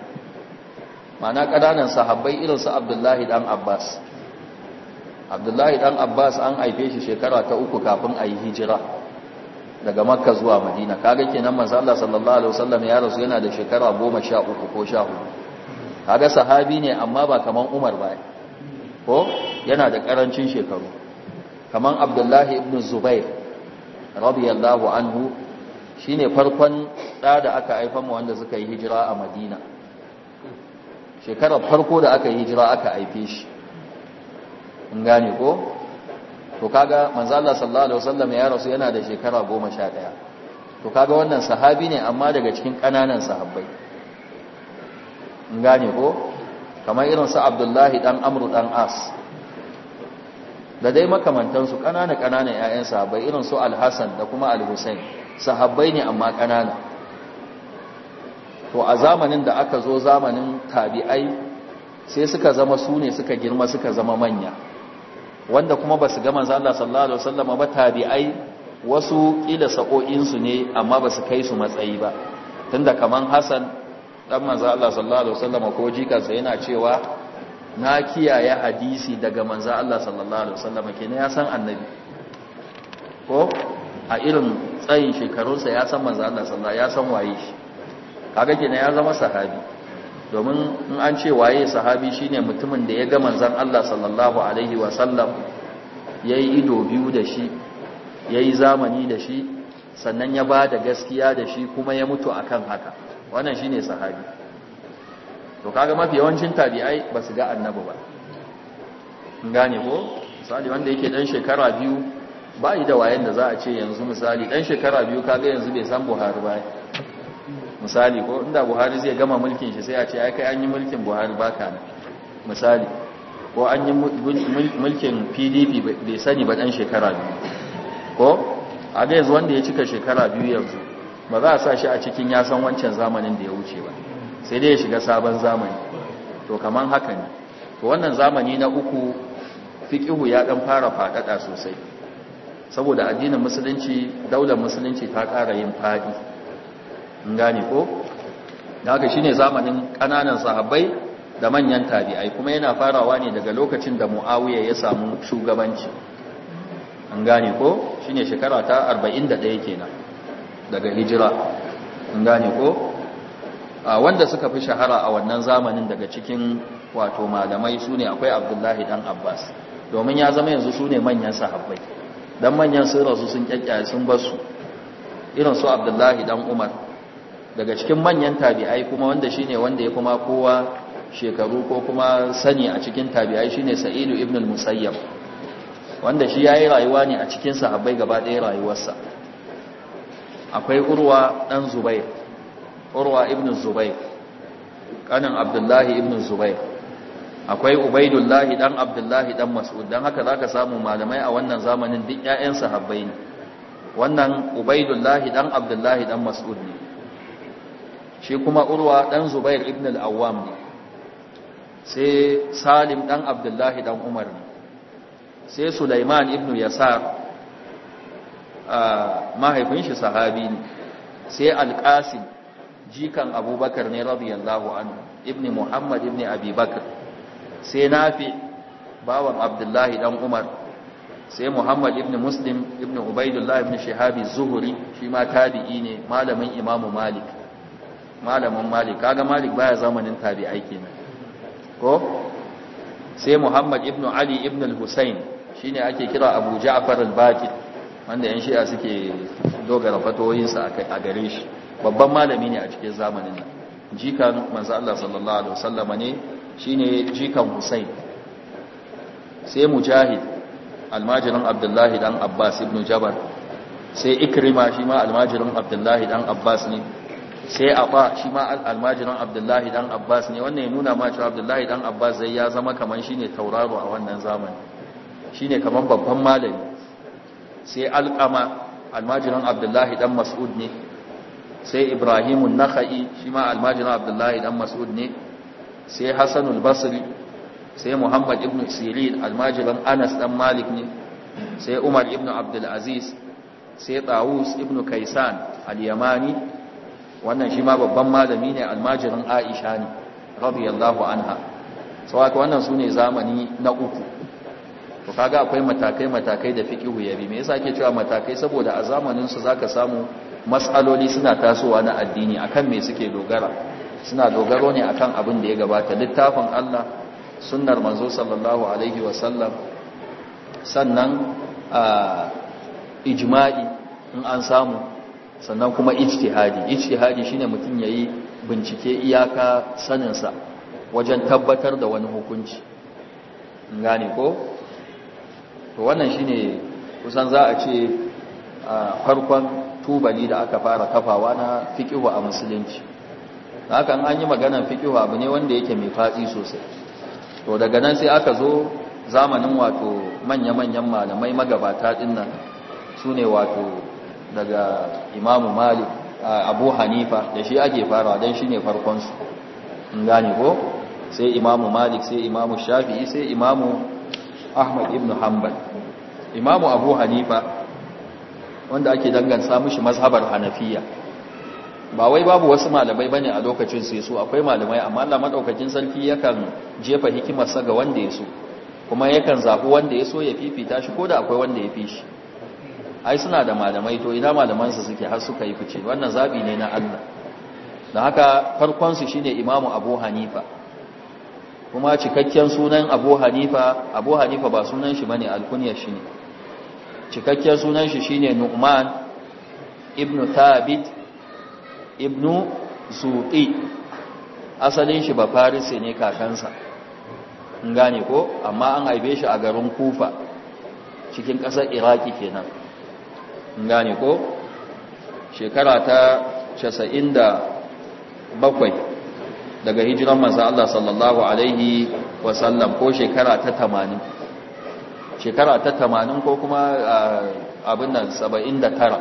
ma'ana kananan sahabbai irin su Abdullahi dan Abbas Abdullahi dan Abbas an haife shi shekara ta uku kafin a yi hijira daga Makka zuwa Madina kaga kenan manzo Allah sallallahu alaihi wasallam ya rasu yana da shekara 13 ko 14 kaga sahabi ne amma ba kaman Umar ba ko yana da karancin shekaru kaman Abdullahi ibn Zubair radiyallahu anhu shine farkon da da aka haifa mu wanda suka yi hijira a Madina shekarar farko da aka yi hijira aka haife shi in gane ko to kaga manzo Allah sallallahu alaihi wasallam ya rasu yana da shekara 11 to kaga wannan sahabi ne amma daga cikin kananan sahabbai in gane ko kamar irin su Abdullahi dan Amr dan As da dai makamantansu kanana kanana ƴaƴan sahabbai irin su al-Hasan da kuma al-Husayn sahabbai ne amma kanana to a zamanin da aka zo zamanin tabi'ai sai suka zama su ne suka girma suka zama manya wanda kuma ba su ga manzo Allah sallallahu alaihi wasallam ba tabi'ai wasu kila sa'o'insu su ne amma ba su kai su matsayi ba tunda kaman Hasan dan manzo Allah sallallahu alaihi wasallam ko jikansa yana cewa na kiyaye hadisi daga manzo Allah sallallahu alaihi wasallam kenan ya san annabi ko a irin tsayin shekarunsa ya san manzo Allah sallallahu ya san waye shi kaga kenan ya zama sahabi domin in an ce waye sahabi shine mutumin da ya ga manzan Allah sallallahu alaihi wasallam yayi ido biyu da shi yayi zamani da shi sannan ya ba da gaskiya da shi kuma ya mutu akan haka wannan shine sahabi to kaga mafi yawancin tabi'ai ba su ga annabi ba gane ko misali wanda yake dan shekara biyu ba yi da wayan da za a ce yanzu misali dan shekara biyu kaga yanzu bai san buhari ba misali ko inda buhari zai gama mulkin shi sai a ce ai kai an yi mulkin buhari ba ka misali ko an yi mulkin pdp bai sani ba dan shekara biyu ko a ga yanzu wanda ya cika shekara biyu yanzu ba za a sa shi a cikin ya san wancan zamanin da ya wuce ba sai dai ya shiga sabon zamani to kaman haka ne to wannan zamani na uku fiqihu ya ɗan fara faɗaɗa sosai saboda addinin musulunci daular musulunci ta ƙara yin fadi in gane ko da haka shine zamanin kananan sahabbai da manyan tabi'ai kuma yana farawa ne daga lokacin da muawiya ya samu shugabanci an gane ko shine shekara ta 41 kenan daga hijira an gane ko wanda suka fi shahara a wannan zamanin daga cikin wato malamai su ne akwai abdullahi dan abbas domin ya zama yanzu su ne manyan sahabbai dan manyan sun rasu sun kyakkyaye sun basu irin su abdullahi dan umar daga cikin manyan tabi'ai kuma wanda shine wanda ya kuma kowa shekaru ko kuma sani a cikin tabi'ai shine sa'idu ibn al-musayyab wanda shi yayi rayuwa ne a cikin sahabbai gaba ɗaya rayuwarsa akwai urwa ɗan zubair urwa ibn zubair kanin abdullahi ibn zubair akwai ubaidullahi dan abdullahi dan mas'ud dan haka zaka samu malamai a wannan zamanin duk ƴaƴan sahabbai ne wannan ubaidullahi dan abdullahi dan mas'ud ne shi kuma urwa dan zubair ibn al-awwam ne sai salim dan abdullahi dan umar ne sai sulaiman ibn yasar ah, mahaifin shi sahabi ne sai alqasim jikan abubakar ne radiyallahu anhu Ibni muhammad Ibni abubakar sai nafi bawan abdullahi dan umar sai muhammad Ibni muslim Ibni ubaidullah Ibni shihabi zuhuri shi ma tabi'i ne malamin imamu malik malamin malik kaga malik baya zamanin tabi'ai kenan ko sai muhammad ibn ali ibn al-husayn shine ake kira abu ja'far al-baqir wanda yan shi'a suke dogara fatoyinsa a gare shi babban malami ne a cikin zamanin nan jikan manzo Allah sallallahu alaihi wasallama ne shine jikan Husayn sai Mujahid almajirin Abdullahi dan Abbas ibn Jabar sai Ikrima shi ma almajirin Abdullahi dan Abbas ne sai Aba shi ma almajirin Abdullahi dan Abbas ne wannan ya nuna ma cewa Abdullahi dan Abbas zai ya zama kaman shine tauraro a wannan zamani shine kaman babban malami sai Alqama almajirin Abdullahi dan Mas'ud ne sai ibrahimun nakha'i shi ma almajin abdullahi dan mas'ud ne sai hasanul basri sai muhammad ibn sirin almajiran anas dan malik ne sai umar ibn abdul aziz sai tawus ibn kaisan al-yamani wannan shi ma babban malami ne almajiran aisha ne radiyallahu anha saboda wannan sune zamani na uku to kaga akwai matakai matakai da fiqhu yabi me yasa ake cewa matakai saboda a zamanin su zaka samu matsaloli suna tasowa na addini akan me suke dogara suna dogaro ne akan abin da ya gabata littafin Allah sunnar manzo sallallahu alaihi wasallam sannan ijma'i in an samu sannan kuma ijtihadi ijtihadi shine mutum ya yi bincike iyaka saninsa wajen tabbatar da wani hukunci gane ko to wannan shine kusan za a ce farkon tubali da aka fara kafawa na fiƙihu a musulunci haka an yi maganar fiƙihu abu ne wanda yake mai fatsi sosai to daga nan sai aka zo zamanin wato manya-manyan malamai magabata ɗin nan su ne wato daga imamu malik abu hanifa da shi ake farawa don shi ne farkonsu in gane ko sai imamu malik sai imamu shafi'i sai imamu ahmad ibn hanbal imamu abu hanifa wanda ake danganta mishi mazhabar hanafiya ba wai babu wasu malamai bane a lokacin su yaso akwai malamai amma Allah madaukakin sarki yakan jefa sa ga wanda yaso kuma yakan zabi wanda yaso ya fifita shi koda akwai wanda ya fi shi ai suna da malamai to ina malaman su suke har suka yi fice wannan zabi ne na Allah dan haka farkon su shine Imamu Abu Hanifa kuma cikakken sunan Abu Hanifa Abu Hanifa ba sunan shi bane alkunyar shi ne cikakken sunan shi shine nu'man ibnu thabit ibnu zuqi asalin shi ba farisi ne kakansa in gane ko amma an haife shi a garin kufa cikin ƙasar iraki kenan in gane ko shekara ta 97 daga hijiran manzo Allah sallallahu alaihi wasallam ko shekara ta 80 shekara ta tamanin ko kuma abin nan saba'in da tara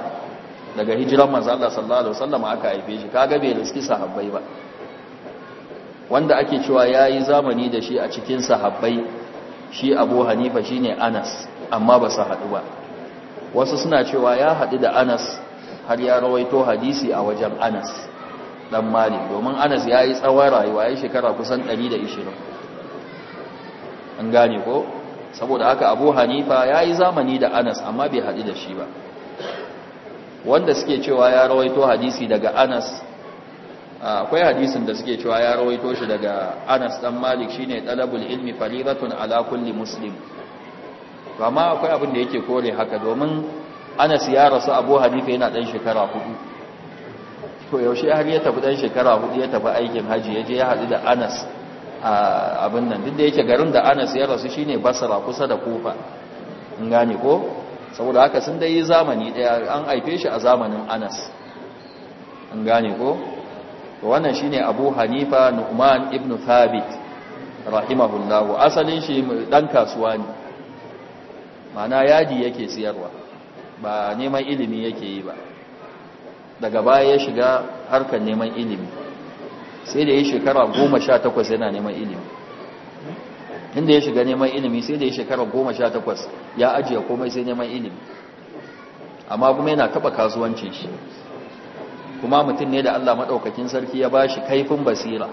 daga hijiran mazala sallallahu alaihi wasallam aka haife shi kaga bai riski sahabbai ba wanda ake cewa ya yi zamani da shi a cikin sahabbai shi abu hanifa shi ne anas amma ba su haɗu ba wasu suna cewa ya haɗu da anas har ya rawaito hadisi a wajen anas ɗan mali domin anas ya yi tsawon rayuwa ya shekara kusan 120 an gane ko saboda haka abu hanifa ya yi zamani da anas amma bai haɗu da shi ba wanda suke cewa ya rawaito hadisi daga anas akwai hadisin da suke cewa ya rawaito shi daga anas dan malik shine talabul ilmi faridatun ala kulli muslim amma akwai abin da yake kore haka domin anas ya rasu abu hanifa yana dan shekara hudu to yaushe har ya tafi dan shekara hudu ya tafi aikin haji ya je ya haɗu da anas abin nan duk da yake garin da anas ya rasu shine basara kusa da kofa. in gane ko saboda haka sun dai zamani daya an haife shi a zamanin anas in gane ko wannan shine abu hanifa nu'man ibn thabit rahimahullahu asalin shi dan kasuwa ne mana yaji yake siyarwa ba neman ilimi yake yi ba daga baya ya shiga harkar neman ilimi sai da ya shekara goma sha takwas yana neman ilimi inda ya shiga neman ilimi sai da ya shekara goma sha takwas ya ajiye komai sai neman ilimi amma kuma yana taɓa kasuwancin shi kuma mutum ne da Allah maɗaukakin sarki ya ba shi kaifin basira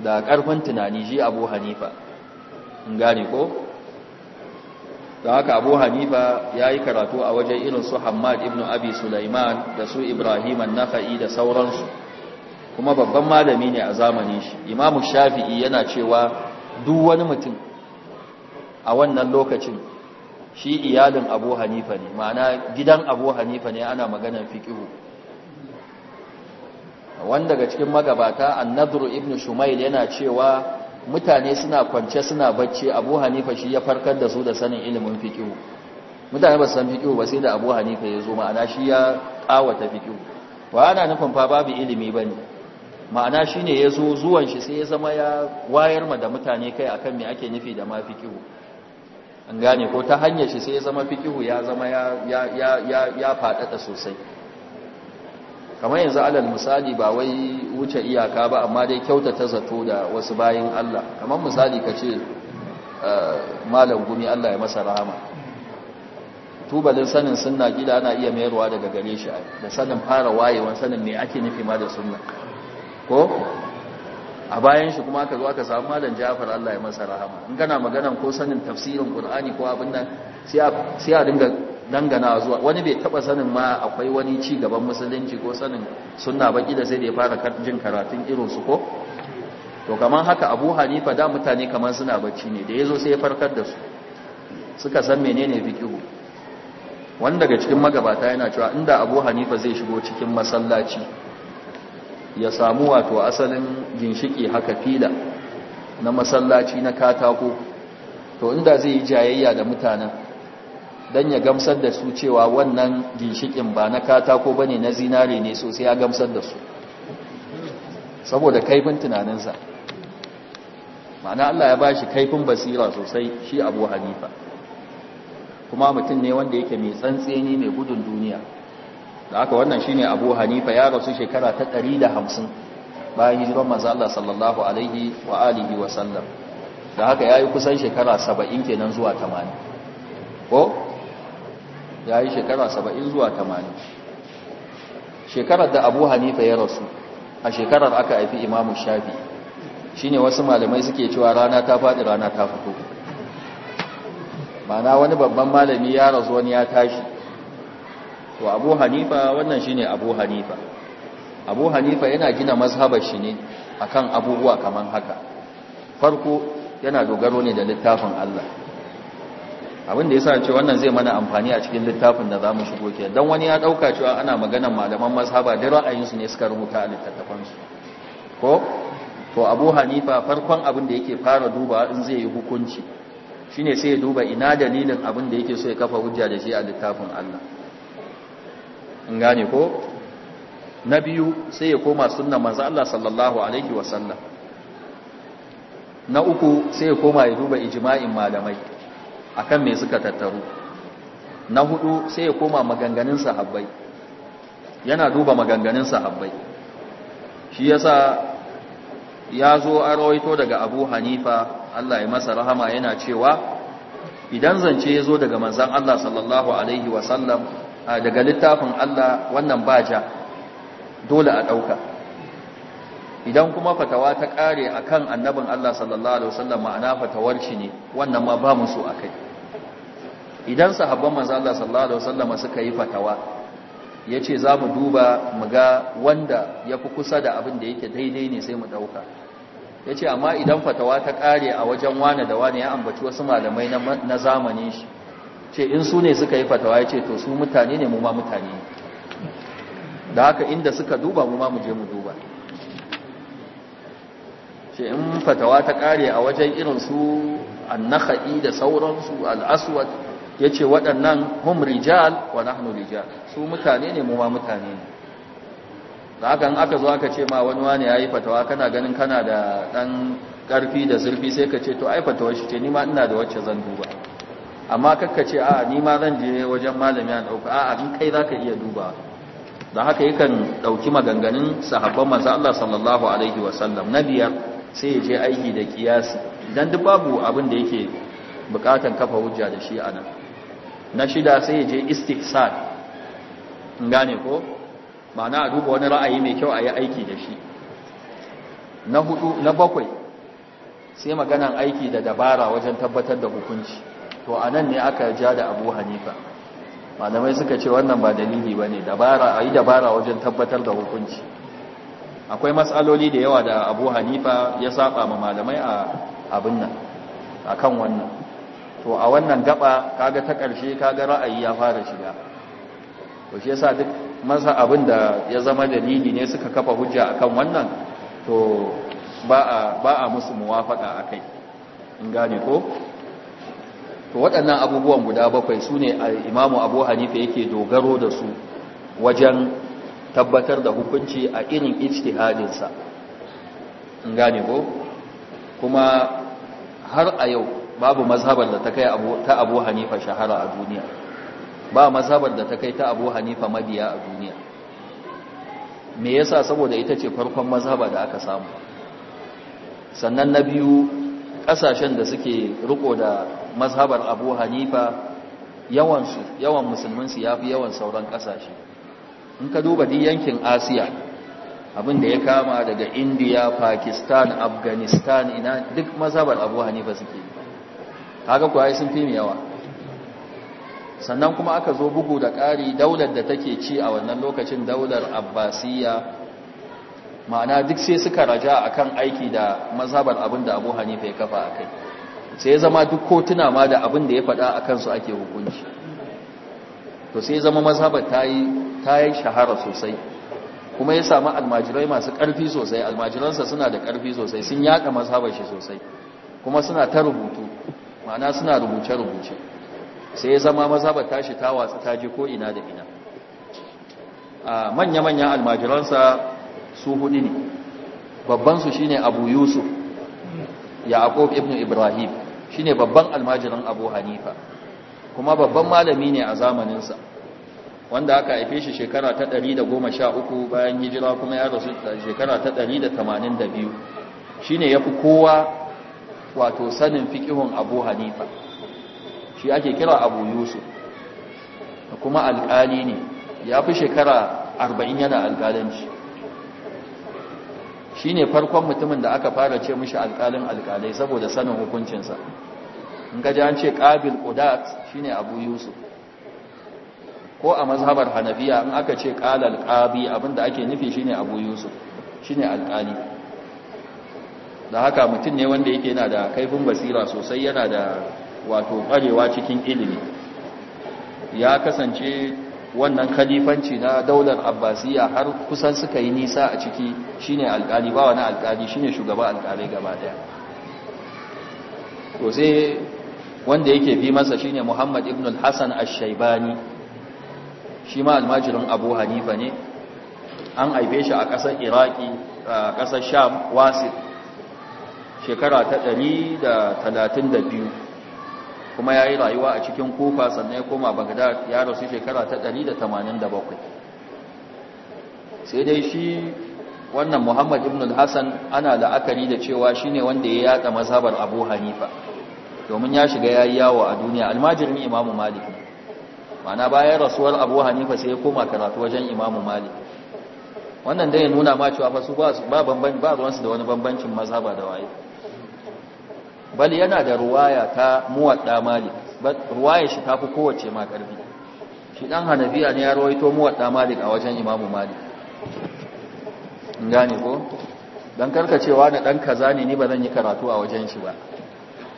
da ƙarfin tunani ji abu hanifa in gane ko da haka abu hanifa ya yi karatu a wajen irin su hamad ibn abi sulaiman da su ibrahim an-nafa'i da sauransu kuma babban malami ne a zamanin shi imamu shafi'i yana cewa duk wani mutum a wannan lokacin shi iyalin abu hanifa ne ma'ana gidan abu hanifa ne ana maganar fiƙihu wanda daga cikin magabata annadru ibn shumail yana cewa mutane suna kwance suna bacci abu hanifa shi ya farkar da su da sanin ilimin fiƙihu mutane ba su san fiƙihu ba sai da abu hanifa ya zo ma'ana shi ya ƙawata fiƙihu ba ana nufin fa babu ilimi ba ne ma'ana shi ne ya zo zuwan shi sai ya zama ya wayar ma da mutane kai akan me ake nufi da ma fikihu an gane ko ta hanyar shi sai ya zama fikihu ya zama ya ya faɗaɗa sosai kamar yanzu alal misali ba wai wuce iyaka ba amma dai kyauta ta zato da wasu bayin Allah kamar misali kace eh, malam gumi Allah ya masa rahama tubalin sanin sunna gida ana iya mayarwa daga gare shi da sanin fara wayewa sanin me ake nufi ma da sunna ko a bayan shi kuma aka zo aka samu malam Ja'far Allah ya masa rahama in kana magana ko sanin tafsirin Qur'ani ko abin nan sai a dinga dangana zuwa wani bai taba sanin ma akwai wani ci gaban musulunci ko sanin sunna baki da sai da ya fara jin karatun irin su ko to kaman haka Abu Hanifa da mutane kaman suna bacci ne da yazo sai ya farkar da su suka san menene fiqhu wanda daga cikin magabata yana cewa inda Abu Hanifa zai shigo cikin masallaci ya samu wato asalin ginshiki haka fila na masallaci na katako to inda zai yi jayayya da mutanen don ya gamsar da su cewa wannan ginshikin ba na katako ba ne na zinare ne sosai ya gamsar da su saboda kaifin tunaninsa ma'ana Allah ya ba shi kaifin basira sosai shi abu hanifa kuma mutum ne wanda yake mai tsantseni mai gudun duniya da aka wannan shine abu hanifa ya rasu shekara ta 150 bayan hijiran manzo Allah sallallahu alaihi wa alihi wa sallam da haka yayi kusan shekara 70 kenan zuwa 80 ko yayi shekara 70 zuwa 80 shekarar da abu hanifa ya rasu a shekarar aka haifi imamu shafi shine wasu malamai suke cewa rana ta faɗi rana ta fito mana wani babban malami ya rasu wani ya tashi to abu hanifa wannan shine abu hanifa abu hanifa yana gina mazhabar shi ne akan abubuwa kaman haka farko yana dogaro ne da littafin Allah abin da yasa ce wannan zai mana amfani a cikin littafin da zamu shigo ke dan wani ya dauka cewa ana maganar malaman mazhaba da ra'ayinsu ne suka rubuta a littafin su ko to abu hanifa farkon abin da yake fara duba in zai yi hukunci shine sai ya duba ina dalilin abin da yake so ya kafa hujja da shi a littafin Allah in gane ko na biyu sai ya koma sunna manzo Allah sallallahu alaihi wasallam na uku sai ya koma ya duba ijma'in malamai akan me suka tattaru na hudu sai ya koma maganganun sahabbai yana duba maganganun sahabbai shi yasa ya zo a rawaito daga Abu Hanifa Allah ya masa rahama yana cewa idan zance ya zo daga manzan Allah sallallahu alaihi wasallam daga littafin Allah wannan ba ja dole a ɗauka idan kuma fatawa ta ƙare a kan annabin Allah sallallahu Alaihi wasallam ma'ana fatawar shi ne wannan ma ba musu a kai idan sahabban manzan Allah sallallahu Alaihi wasallam suka yi fatawa ya ce za mu duba mu ga wanda ya fi kusa da abin da yake daidai ne sai mu ɗauka ya ce amma idan fatawa ta ƙare a wajen wane da wane ya ambaci wasu malamai na zamanin shi ce in su ne suka yi fatawa ya ce to su mutane ne mu ma mutane da haka inda suka duba mu ma mu je mu duba ce in fatawa ta kare a wajen irin su annakha'i da sauransu al'aswad ya ce waɗannan hum rijal wa nahnu rijal su mutane ne mu ma mutane ne da haka in aka zo aka ce ma wani wani ya yi fatawa kana ganin kana da ɗan ƙarfi da zurfi sai ka ce to ai fatawar shi ce ni ma ina da wacce zan duba amma kakka ce a ni ma zan je wajen malami a dauka a abin kai za ka iya duba da haka yakan dauki maganganun sahabban masu Allah sallallahu alaihi wasallam na biyar sai ya je aiki da kiyasi don duk babu abin da yake bukatan kafa hujja da shi nan na shida sai ya je in gane ko ma'ana a duba wani ra'ayi mai kyau a yi aiki da shi na hudu na bakwai sai maganan aiki da dabara wajen tabbatar da hukunci to a nan ne aka ja da abu hanifa malamai suka ce wannan ba dalili ba ne a yi dabara wajen tabbatar da hukunci akwai matsaloli da yawa da abu hanifa ya saba ma malamai a abin nan a kan wannan to a wannan gaba kaga ta ƙarshe kaga ra'ayi ya fara shiga to shi yasa duk masa abin da ya zama dalili ne suka kafa hujja a kan wannan to ba a musu muwafaka kai. in gane ko to waɗannan abubuwan guda bakwai su ne imamu abu hanifa yake dogaro da su wajen tabbatar da hukunci a irin ijtihadinsa in gane ko kuma har a yau babu mazhabar da ta kai ta abu hanifa shahara a duniya ba mazhabar da ta kai ta abu hanifa mabiya a duniya me yasa saboda ita ce farkon mazhaba da aka samu sannan na biyu ƙasashen da suke riko da mazhabar abu hanifa yawansu yawan musulminsu ya fi yawan sauran ƙasashe in ka duba duk yankin asiya abin da ya kama daga indiya pakistan afghanistan ina duk mazhabar abu hanifa suke haka kuwa sun fi yawa sannan kuma aka zo bugu da ƙari daular da take ci a wannan lokacin daular abbasiyya ma'ana duk sai suka raja akan aiki da mazhabar abin da abu hanifa ya kafa a kai sai zama duk kotuna ma da abin da ya faɗa a kansu ake hukunci to sai zama mazhabar ta yi shahara sosai kuma ya samu almajirai masu ƙarfi sosai almajiransa suna da ƙarfi sosai sun yaka mazhabar shi sosai kuma suna ta rubutu ma'ana suna rubuce-rubuce sai ya zama mazhabar tashi ta watsa ta je ko da ina a manya-manyan almajiransa su hudu ne babbansu shine abu yusuf yaqub ibn ibrahim shine babban almajirin abu hanifa kuma babban malami ne a zamaninsa wanda aka haife shi shekara ta 113 bayan hijira kuma ya rasu shekara ta 182 shine yafi kowa wato sanin fiqihun abu hanifa shi ake kira abu yusuf kuma alƙali ne ya fi shekara 40 yana alƙalanci Shi ne farkon mutumin da aka fara ce mishi alkalin alkalai saboda sanin hukuncinsa in gaji an ce ƙabil ƙudat shine abu yusuf ko a mazhabar hanabiya in aka ce ƙalal ƙabi abinda ake nufi shine abu yusuf shine alƙali da haka mutum ne wanda yake yana da kaifin basira sosai yana da wato ƙwarewa cikin ilimi ya kasance wannan kalifanci na daular abbasiya har kusan suka yi nisa a ciki shine alkali ba wani alkali shine shugaba alkalai gaba daya to sai wanda yake bi masa shine Muhammad ibn al-Hasan ash-Shaybani shi ma almajirin Abu Hanifa ne an haife shi a ƙasar Iraki a ƙasar Sham wasit shekara ta 132 kuma ya yi rayuwa a cikin kufa sannan ya koma bagdad ya rasu shekara ta 187 sai dai shi wannan muhammad ibn hassan ana la'akari da cewa shi ne wanda ya yada mazhabar abu hanifa domin ya shiga ya yi yawo a duniya almajirin imamu malik mana bayan rasuwar abu hanifa sai ya koma karatu wajen imamu malik wannan dai ya nuna ma cewa ba su ba ruwansu da wani bambancin mazhaba da waye bal yana da ruwaya ta muwadda malik ruwaya shi tafi kowace ma karbi shi dan hanafiya ne ya rawaito muwadda malik a wajen imamu malik gane ko dan karka cewa na dan kaza ne ni ba zan yi karatu a wajen shi ba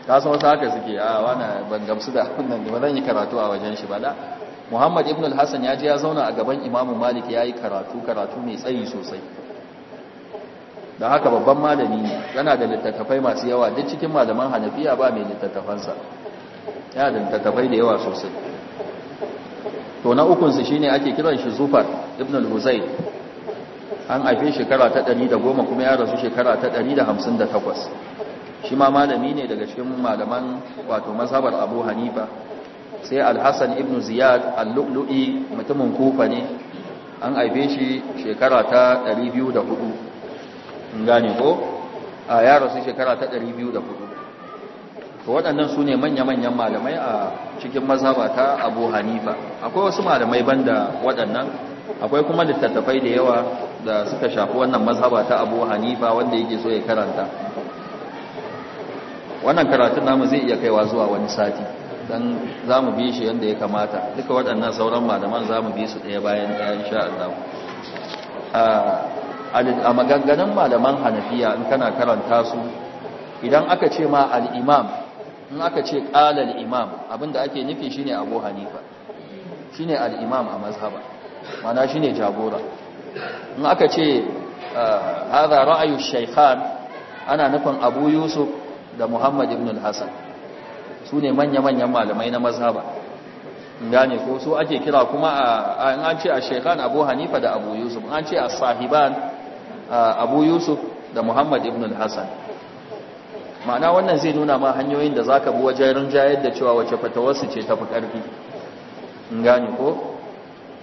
ka san wasu haka suke a wani ban gamsu da wannan ba zan yi karatu a wajen shi ba da muhammad ibn al-hasan ya je ya zauna a gaban imamu malik ya yi karatu karatu mai tsayi sosai don haka babban malami ne yana da littattafai masu yawa duk cikin malaman hanafiya ba mai littattafansa yana da littattafai da yawa sosai to na ukunsu shi ne ake kiran shi zufar ibn al-huzai an haife shekara ta goma kuma ya rasu shekara ta 158 shi ma malami ne daga cikin malaman wato mazhabar abu hanifa sai al-hassan ibn ziyad al-lu'lu'i mutumin kufa ne an aife shi shekara ta hudu. in gane ko a yaro sun shekara ta ɗari 204 waɗannan su ne manya-manyan malamai a cikin mazaba ta abu hanifa akwai wasu malamai banda waɗannan akwai kuma littattafai da yawa da suka shafi wannan mazaba ta abu hanifa wanda yake so ya karanta wannan karatun namu zai iya kaiwa zuwa wani sati don za mu bi shi yadda ya kamata duka waɗannan sauran malaman za mu bi su ɗaya bayan ɗaya insha Allah a maganganun malaman hanafiya in kana karanta su idan aka ce ma al'imam in aka ce ƙalar imam, abinda ake nufi shine abu hanifa shine al'imam a mazhaba mana shine jagora in aka ce ah, haza ra'ayu shaikhan ana nufin abu yusuf da muhammad ibn al-hassan su ne manya-manyan malamai na mazhaba gane ko so ake kira kuma an an ce a shekhan abu hanifa da abu yusuf an ce a sahiban abu yusuf da muhammad ibn al-hasan ma'ana wannan zai nuna ma hanyoyin da za ka bi wajen rinjayar da cewa wace fatawarsu ce tafi karfi gane ko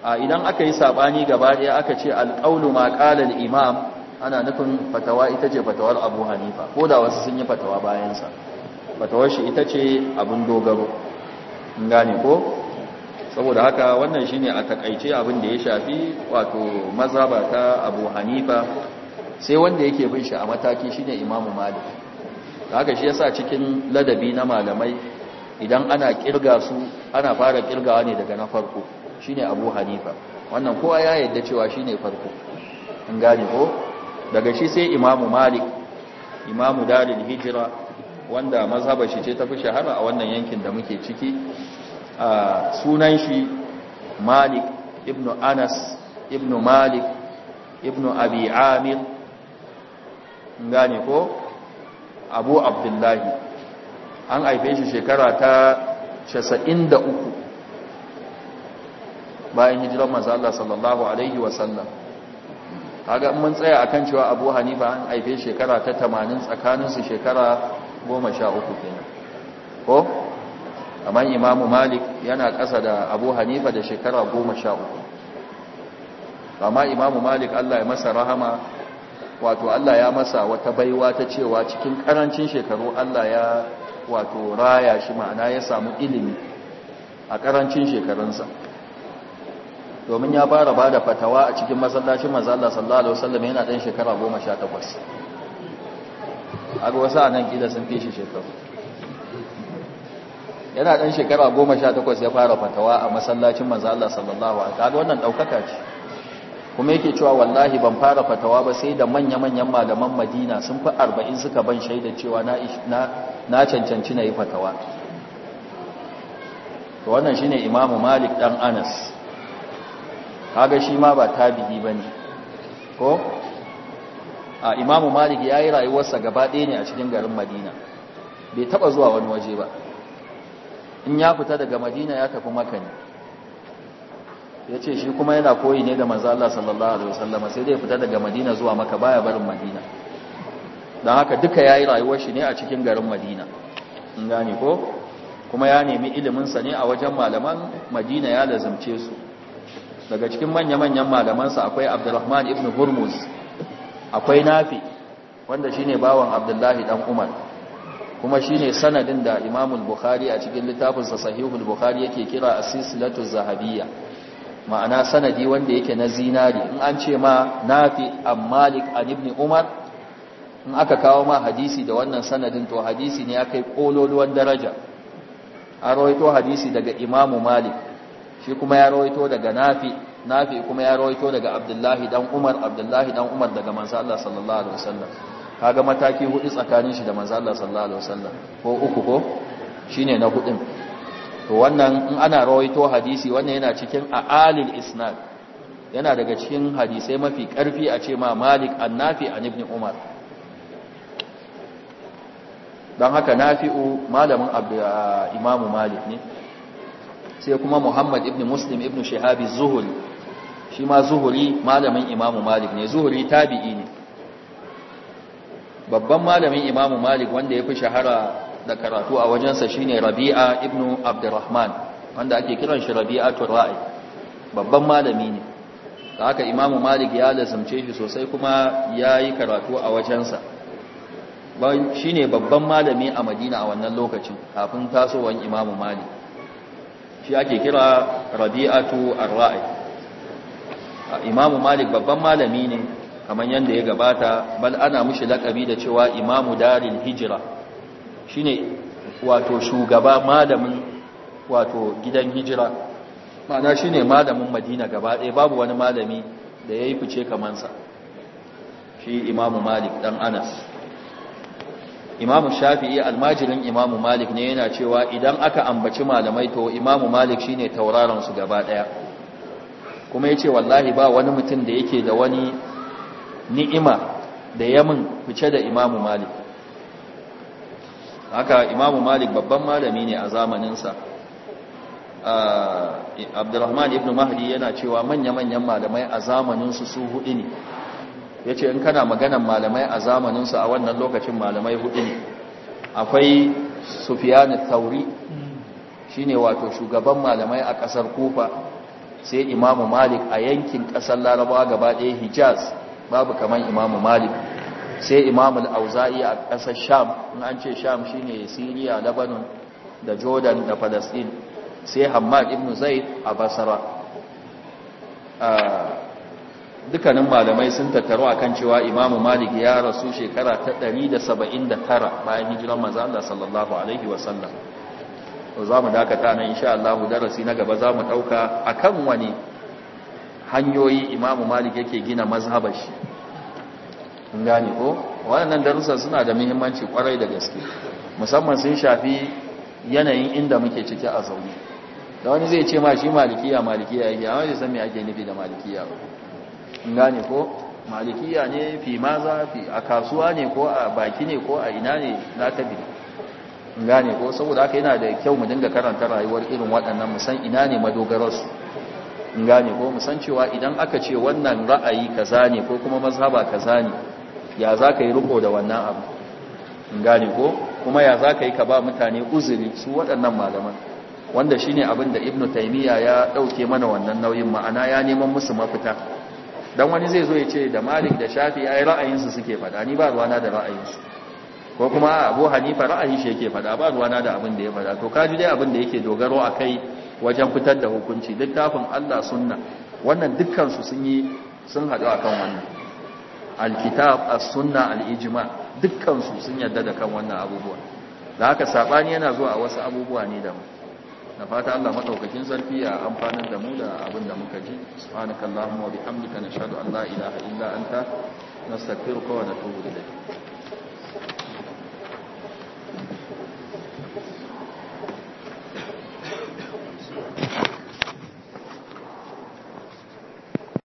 a idan aka yi sabani gaba daya aka ce alƙaunu ma ƙalar imam ana nufin fatawa ita ce fatawar abu hanifa ko da wasu sun yi fatawa bayansa fatawar shi ita ce abin dogaro gane ko saboda haka wannan shine a takaice abin da ya shafi wato mazhaba ta Abu Hanifa sai wanda yake bin shi a mataki shine Imam Malik haka shi yasa cikin ladabi na malamai idan ana kirga su ana fara kirgawa ne daga na farko shine Abu Hanifa wannan kowa ya yarda cewa shine farko an gane ko daga shi sai Imam Malik Imamu Dalil hijira, wanda mazhabar shi ce ta fi shahara a wannan yankin da muke ciki sunan shi malik ibn anas ibn malik ibn abi amir gane ko abu abdullahi an haife shi shekara ta 93 bayan hijiran manzo Allah sallallahu alaihi wasallam kaga mun tsaya akan cewa abu hanifa an haife shekara ta 80 tsakaninsu shekara 13 kenan ko kamar imamu malik yana ƙasa da abu hanifa da shekara goma sha uku amma imamu malik allah ya masa rahama wato allah ya masa wata baiwa ta cewa cikin ƙarancin shekaru allah ya wato raya shi ma'ana ya samu ilimi a ƙarancin shekarunsa domin ya fara ba da fatawa a cikin masallacin mazalla sallallahu alaihi wasallam yana ɗan shekara goma sha takwas a wasu a nan ƙila sun fi shi shekaru yana dan shekara 18 ya fara fatawa a masallacin manzo Allah sallallahu alaihi wasallam wannan daukaka ce kuma yake cewa wallahi ban fara fatawa ba sai da manya-manyan malaman Madina sun fi 40 suka ban shaida cewa na na cancanci na yi fatawa to wannan shine Imam Malik dan Anas kaga shi ma ba tabi'i bane ko a imamu Malik ya yi rayuwarsa gaba ɗaya ne a cikin garin Madina bai taɓa zuwa wani waje ba in ya fita daga madina ya tafi maka ne ya ce shi kuma yana koyi ne da manzo Allah sallallahu alaihi wasallam sai dai fita daga madina zuwa maka baya barin madina don haka duka ya yi rayuwar shi ne a cikin garin madina in gani ko kuma ya nemi iliminsa ne a wajen malaman madina ya lazimce su daga cikin manya-manyan malamansa akwai abdurrahman ibn hurmuz akwai nafi wanda shine bawan abdullahi dan umar kuma shine sanadin da Imam Bukhari a cikin littafinsa Sahihul Bukhari yake kira as-silsilatu zahabiyya ma'ana sanadi wanda yake na zinari in an ce ma nafi ammalik an umar in aka kawo ma hadisi da wannan sanadin to hadisi ne akai kololuwan daraja a rawaito hadisi daga imamu malik shi kuma ya rawaito daga nafi nafi kuma ya rawaito daga abdullahi dan umar abdullahi dan umar daga manzo Allah sallallahu alaihi wasallam kaga mataki hudu tsakanin shi da manzo Allah sallallahu alaihi wasallam ko uku ko shine na hudun to wannan in ana rawaito hadisi wannan yana cikin a'alil isnad yana daga cikin hadisai mafi karfi a ce ma Malik annafi an ibn Umar dan haka nafi'u malamin Imam Malik ne sai kuma Muhammad ibn Muslim ibn Shihab az-Zuhri shi ma Zuhri malamin Imam Malik ne Zuhri tabi'i ne babban malamin imamu malik wanda ya fi shahara da karatu a wajensa shi ne rabi'a Ibn abdurrahman wanda ake kiran shi rabi'atul ra'i babban malami ne da haka imamu malik ya lazumce shi sosai kuma ya yi karatu a wajensa shi ne babban malami a madina a wannan lokacin kafin tasowar imamu malik shi ake kira rabi'atu ar-ra'i imamu malik babban malami ne kamar yadda ya gabata bal ana mushi lakabi da cewa imamu dalil hijira shine wato shugaba malamin wato gidan hijira ma'ana shine malamin madina gaba ɗaya babu wani malami da ya yi fice kamansa shi imamu malik ɗan anas imamu shafi'i almajirin imamu malik ne yana cewa idan aka ambaci malamai to imamu malik shine tauraron su gaba ɗaya kuma ce wallahi ba wani mutum da yake da wani ni'ima da yamin fice da imamu malik haka imamu malik babban malami ne a zamaninsa abdurrahman ibn mahdi yana cewa manya-manyan malamai a zamaninsu su hudu ne ya ce in kana maganan malamai a zamaninsu a wannan lokacin malamai hudu ne akwai sufiyanu tauri shi ne wato shugaban malamai a ƙasar kufa sai imamu malik a yankin ƙasar larabawa gaba ɗaya hijaz babu kamar imamu malik sai imamu al-auza'i a ƙasar sham in an ce sham shine siriya Labanun, da jordan da palestine sai hamad ibn zaid a basara dukkanin malamai sun tattaru kan cewa imamu malik ya rasu shekara ta 179 bayan hijiran manzo Allah sallallahu alaihi wasallam za mu dakata nan insha Allah darasi na gaba za mu dauka akan wani hanyoyi imamu malik yake gina mazhabar shi kun ko waɗannan darussan suna da muhimmanci kwarai da gaske musamman sun shafi yanayin inda muke ciki a zaune da wani zai ce ma shi malikiya malikiya yake amma bai san me ake nufi da malikiya ba kun ko malikiya ne fi maza fi a kasuwa ne ko a baki ne ko a ina ne na tabi kun gane ko saboda haka yana da kyau mu dinga karanta rayuwar irin waɗannan mu san ina ne su in gane ko mu san cewa idan aka ce wannan ra'ayi kaza ne ko kuma mazhaba kaza ne ya za ka yi riko da wannan abu in gane ko kuma ya za ka yi ka ba mutane uzuri su waɗannan malaman wanda shine abin da ibnu taymiya ya ɗauke mana wannan nauyin ma'ana ya neman musu mafita dan wani zai zo ya ce da malik da shafi ai su suke faɗa ni ba ruwana da ra'ayin su. ko kuma abu hanifa ra'ayin shi yake faɗa ba ruwana da abin da ya faɗa to kaji dai abin da yake dogaro a kai wajen fitar da hukunci littafin Allah sunna wannan dukkan sun yi sun haɗu akan wannan alkitab as-sunna al-ijma sun yarda da kan wannan abubuwa da haka sabani yana zuwa a wasu abubuwa ne da mu na fata Allah madaukakin zarfi ya amfanin da mu da abin da muka ji subhanakallahumma wa bihamdika nashhadu an la ilaha illa anta nastaghfiruka wa natubu ilayk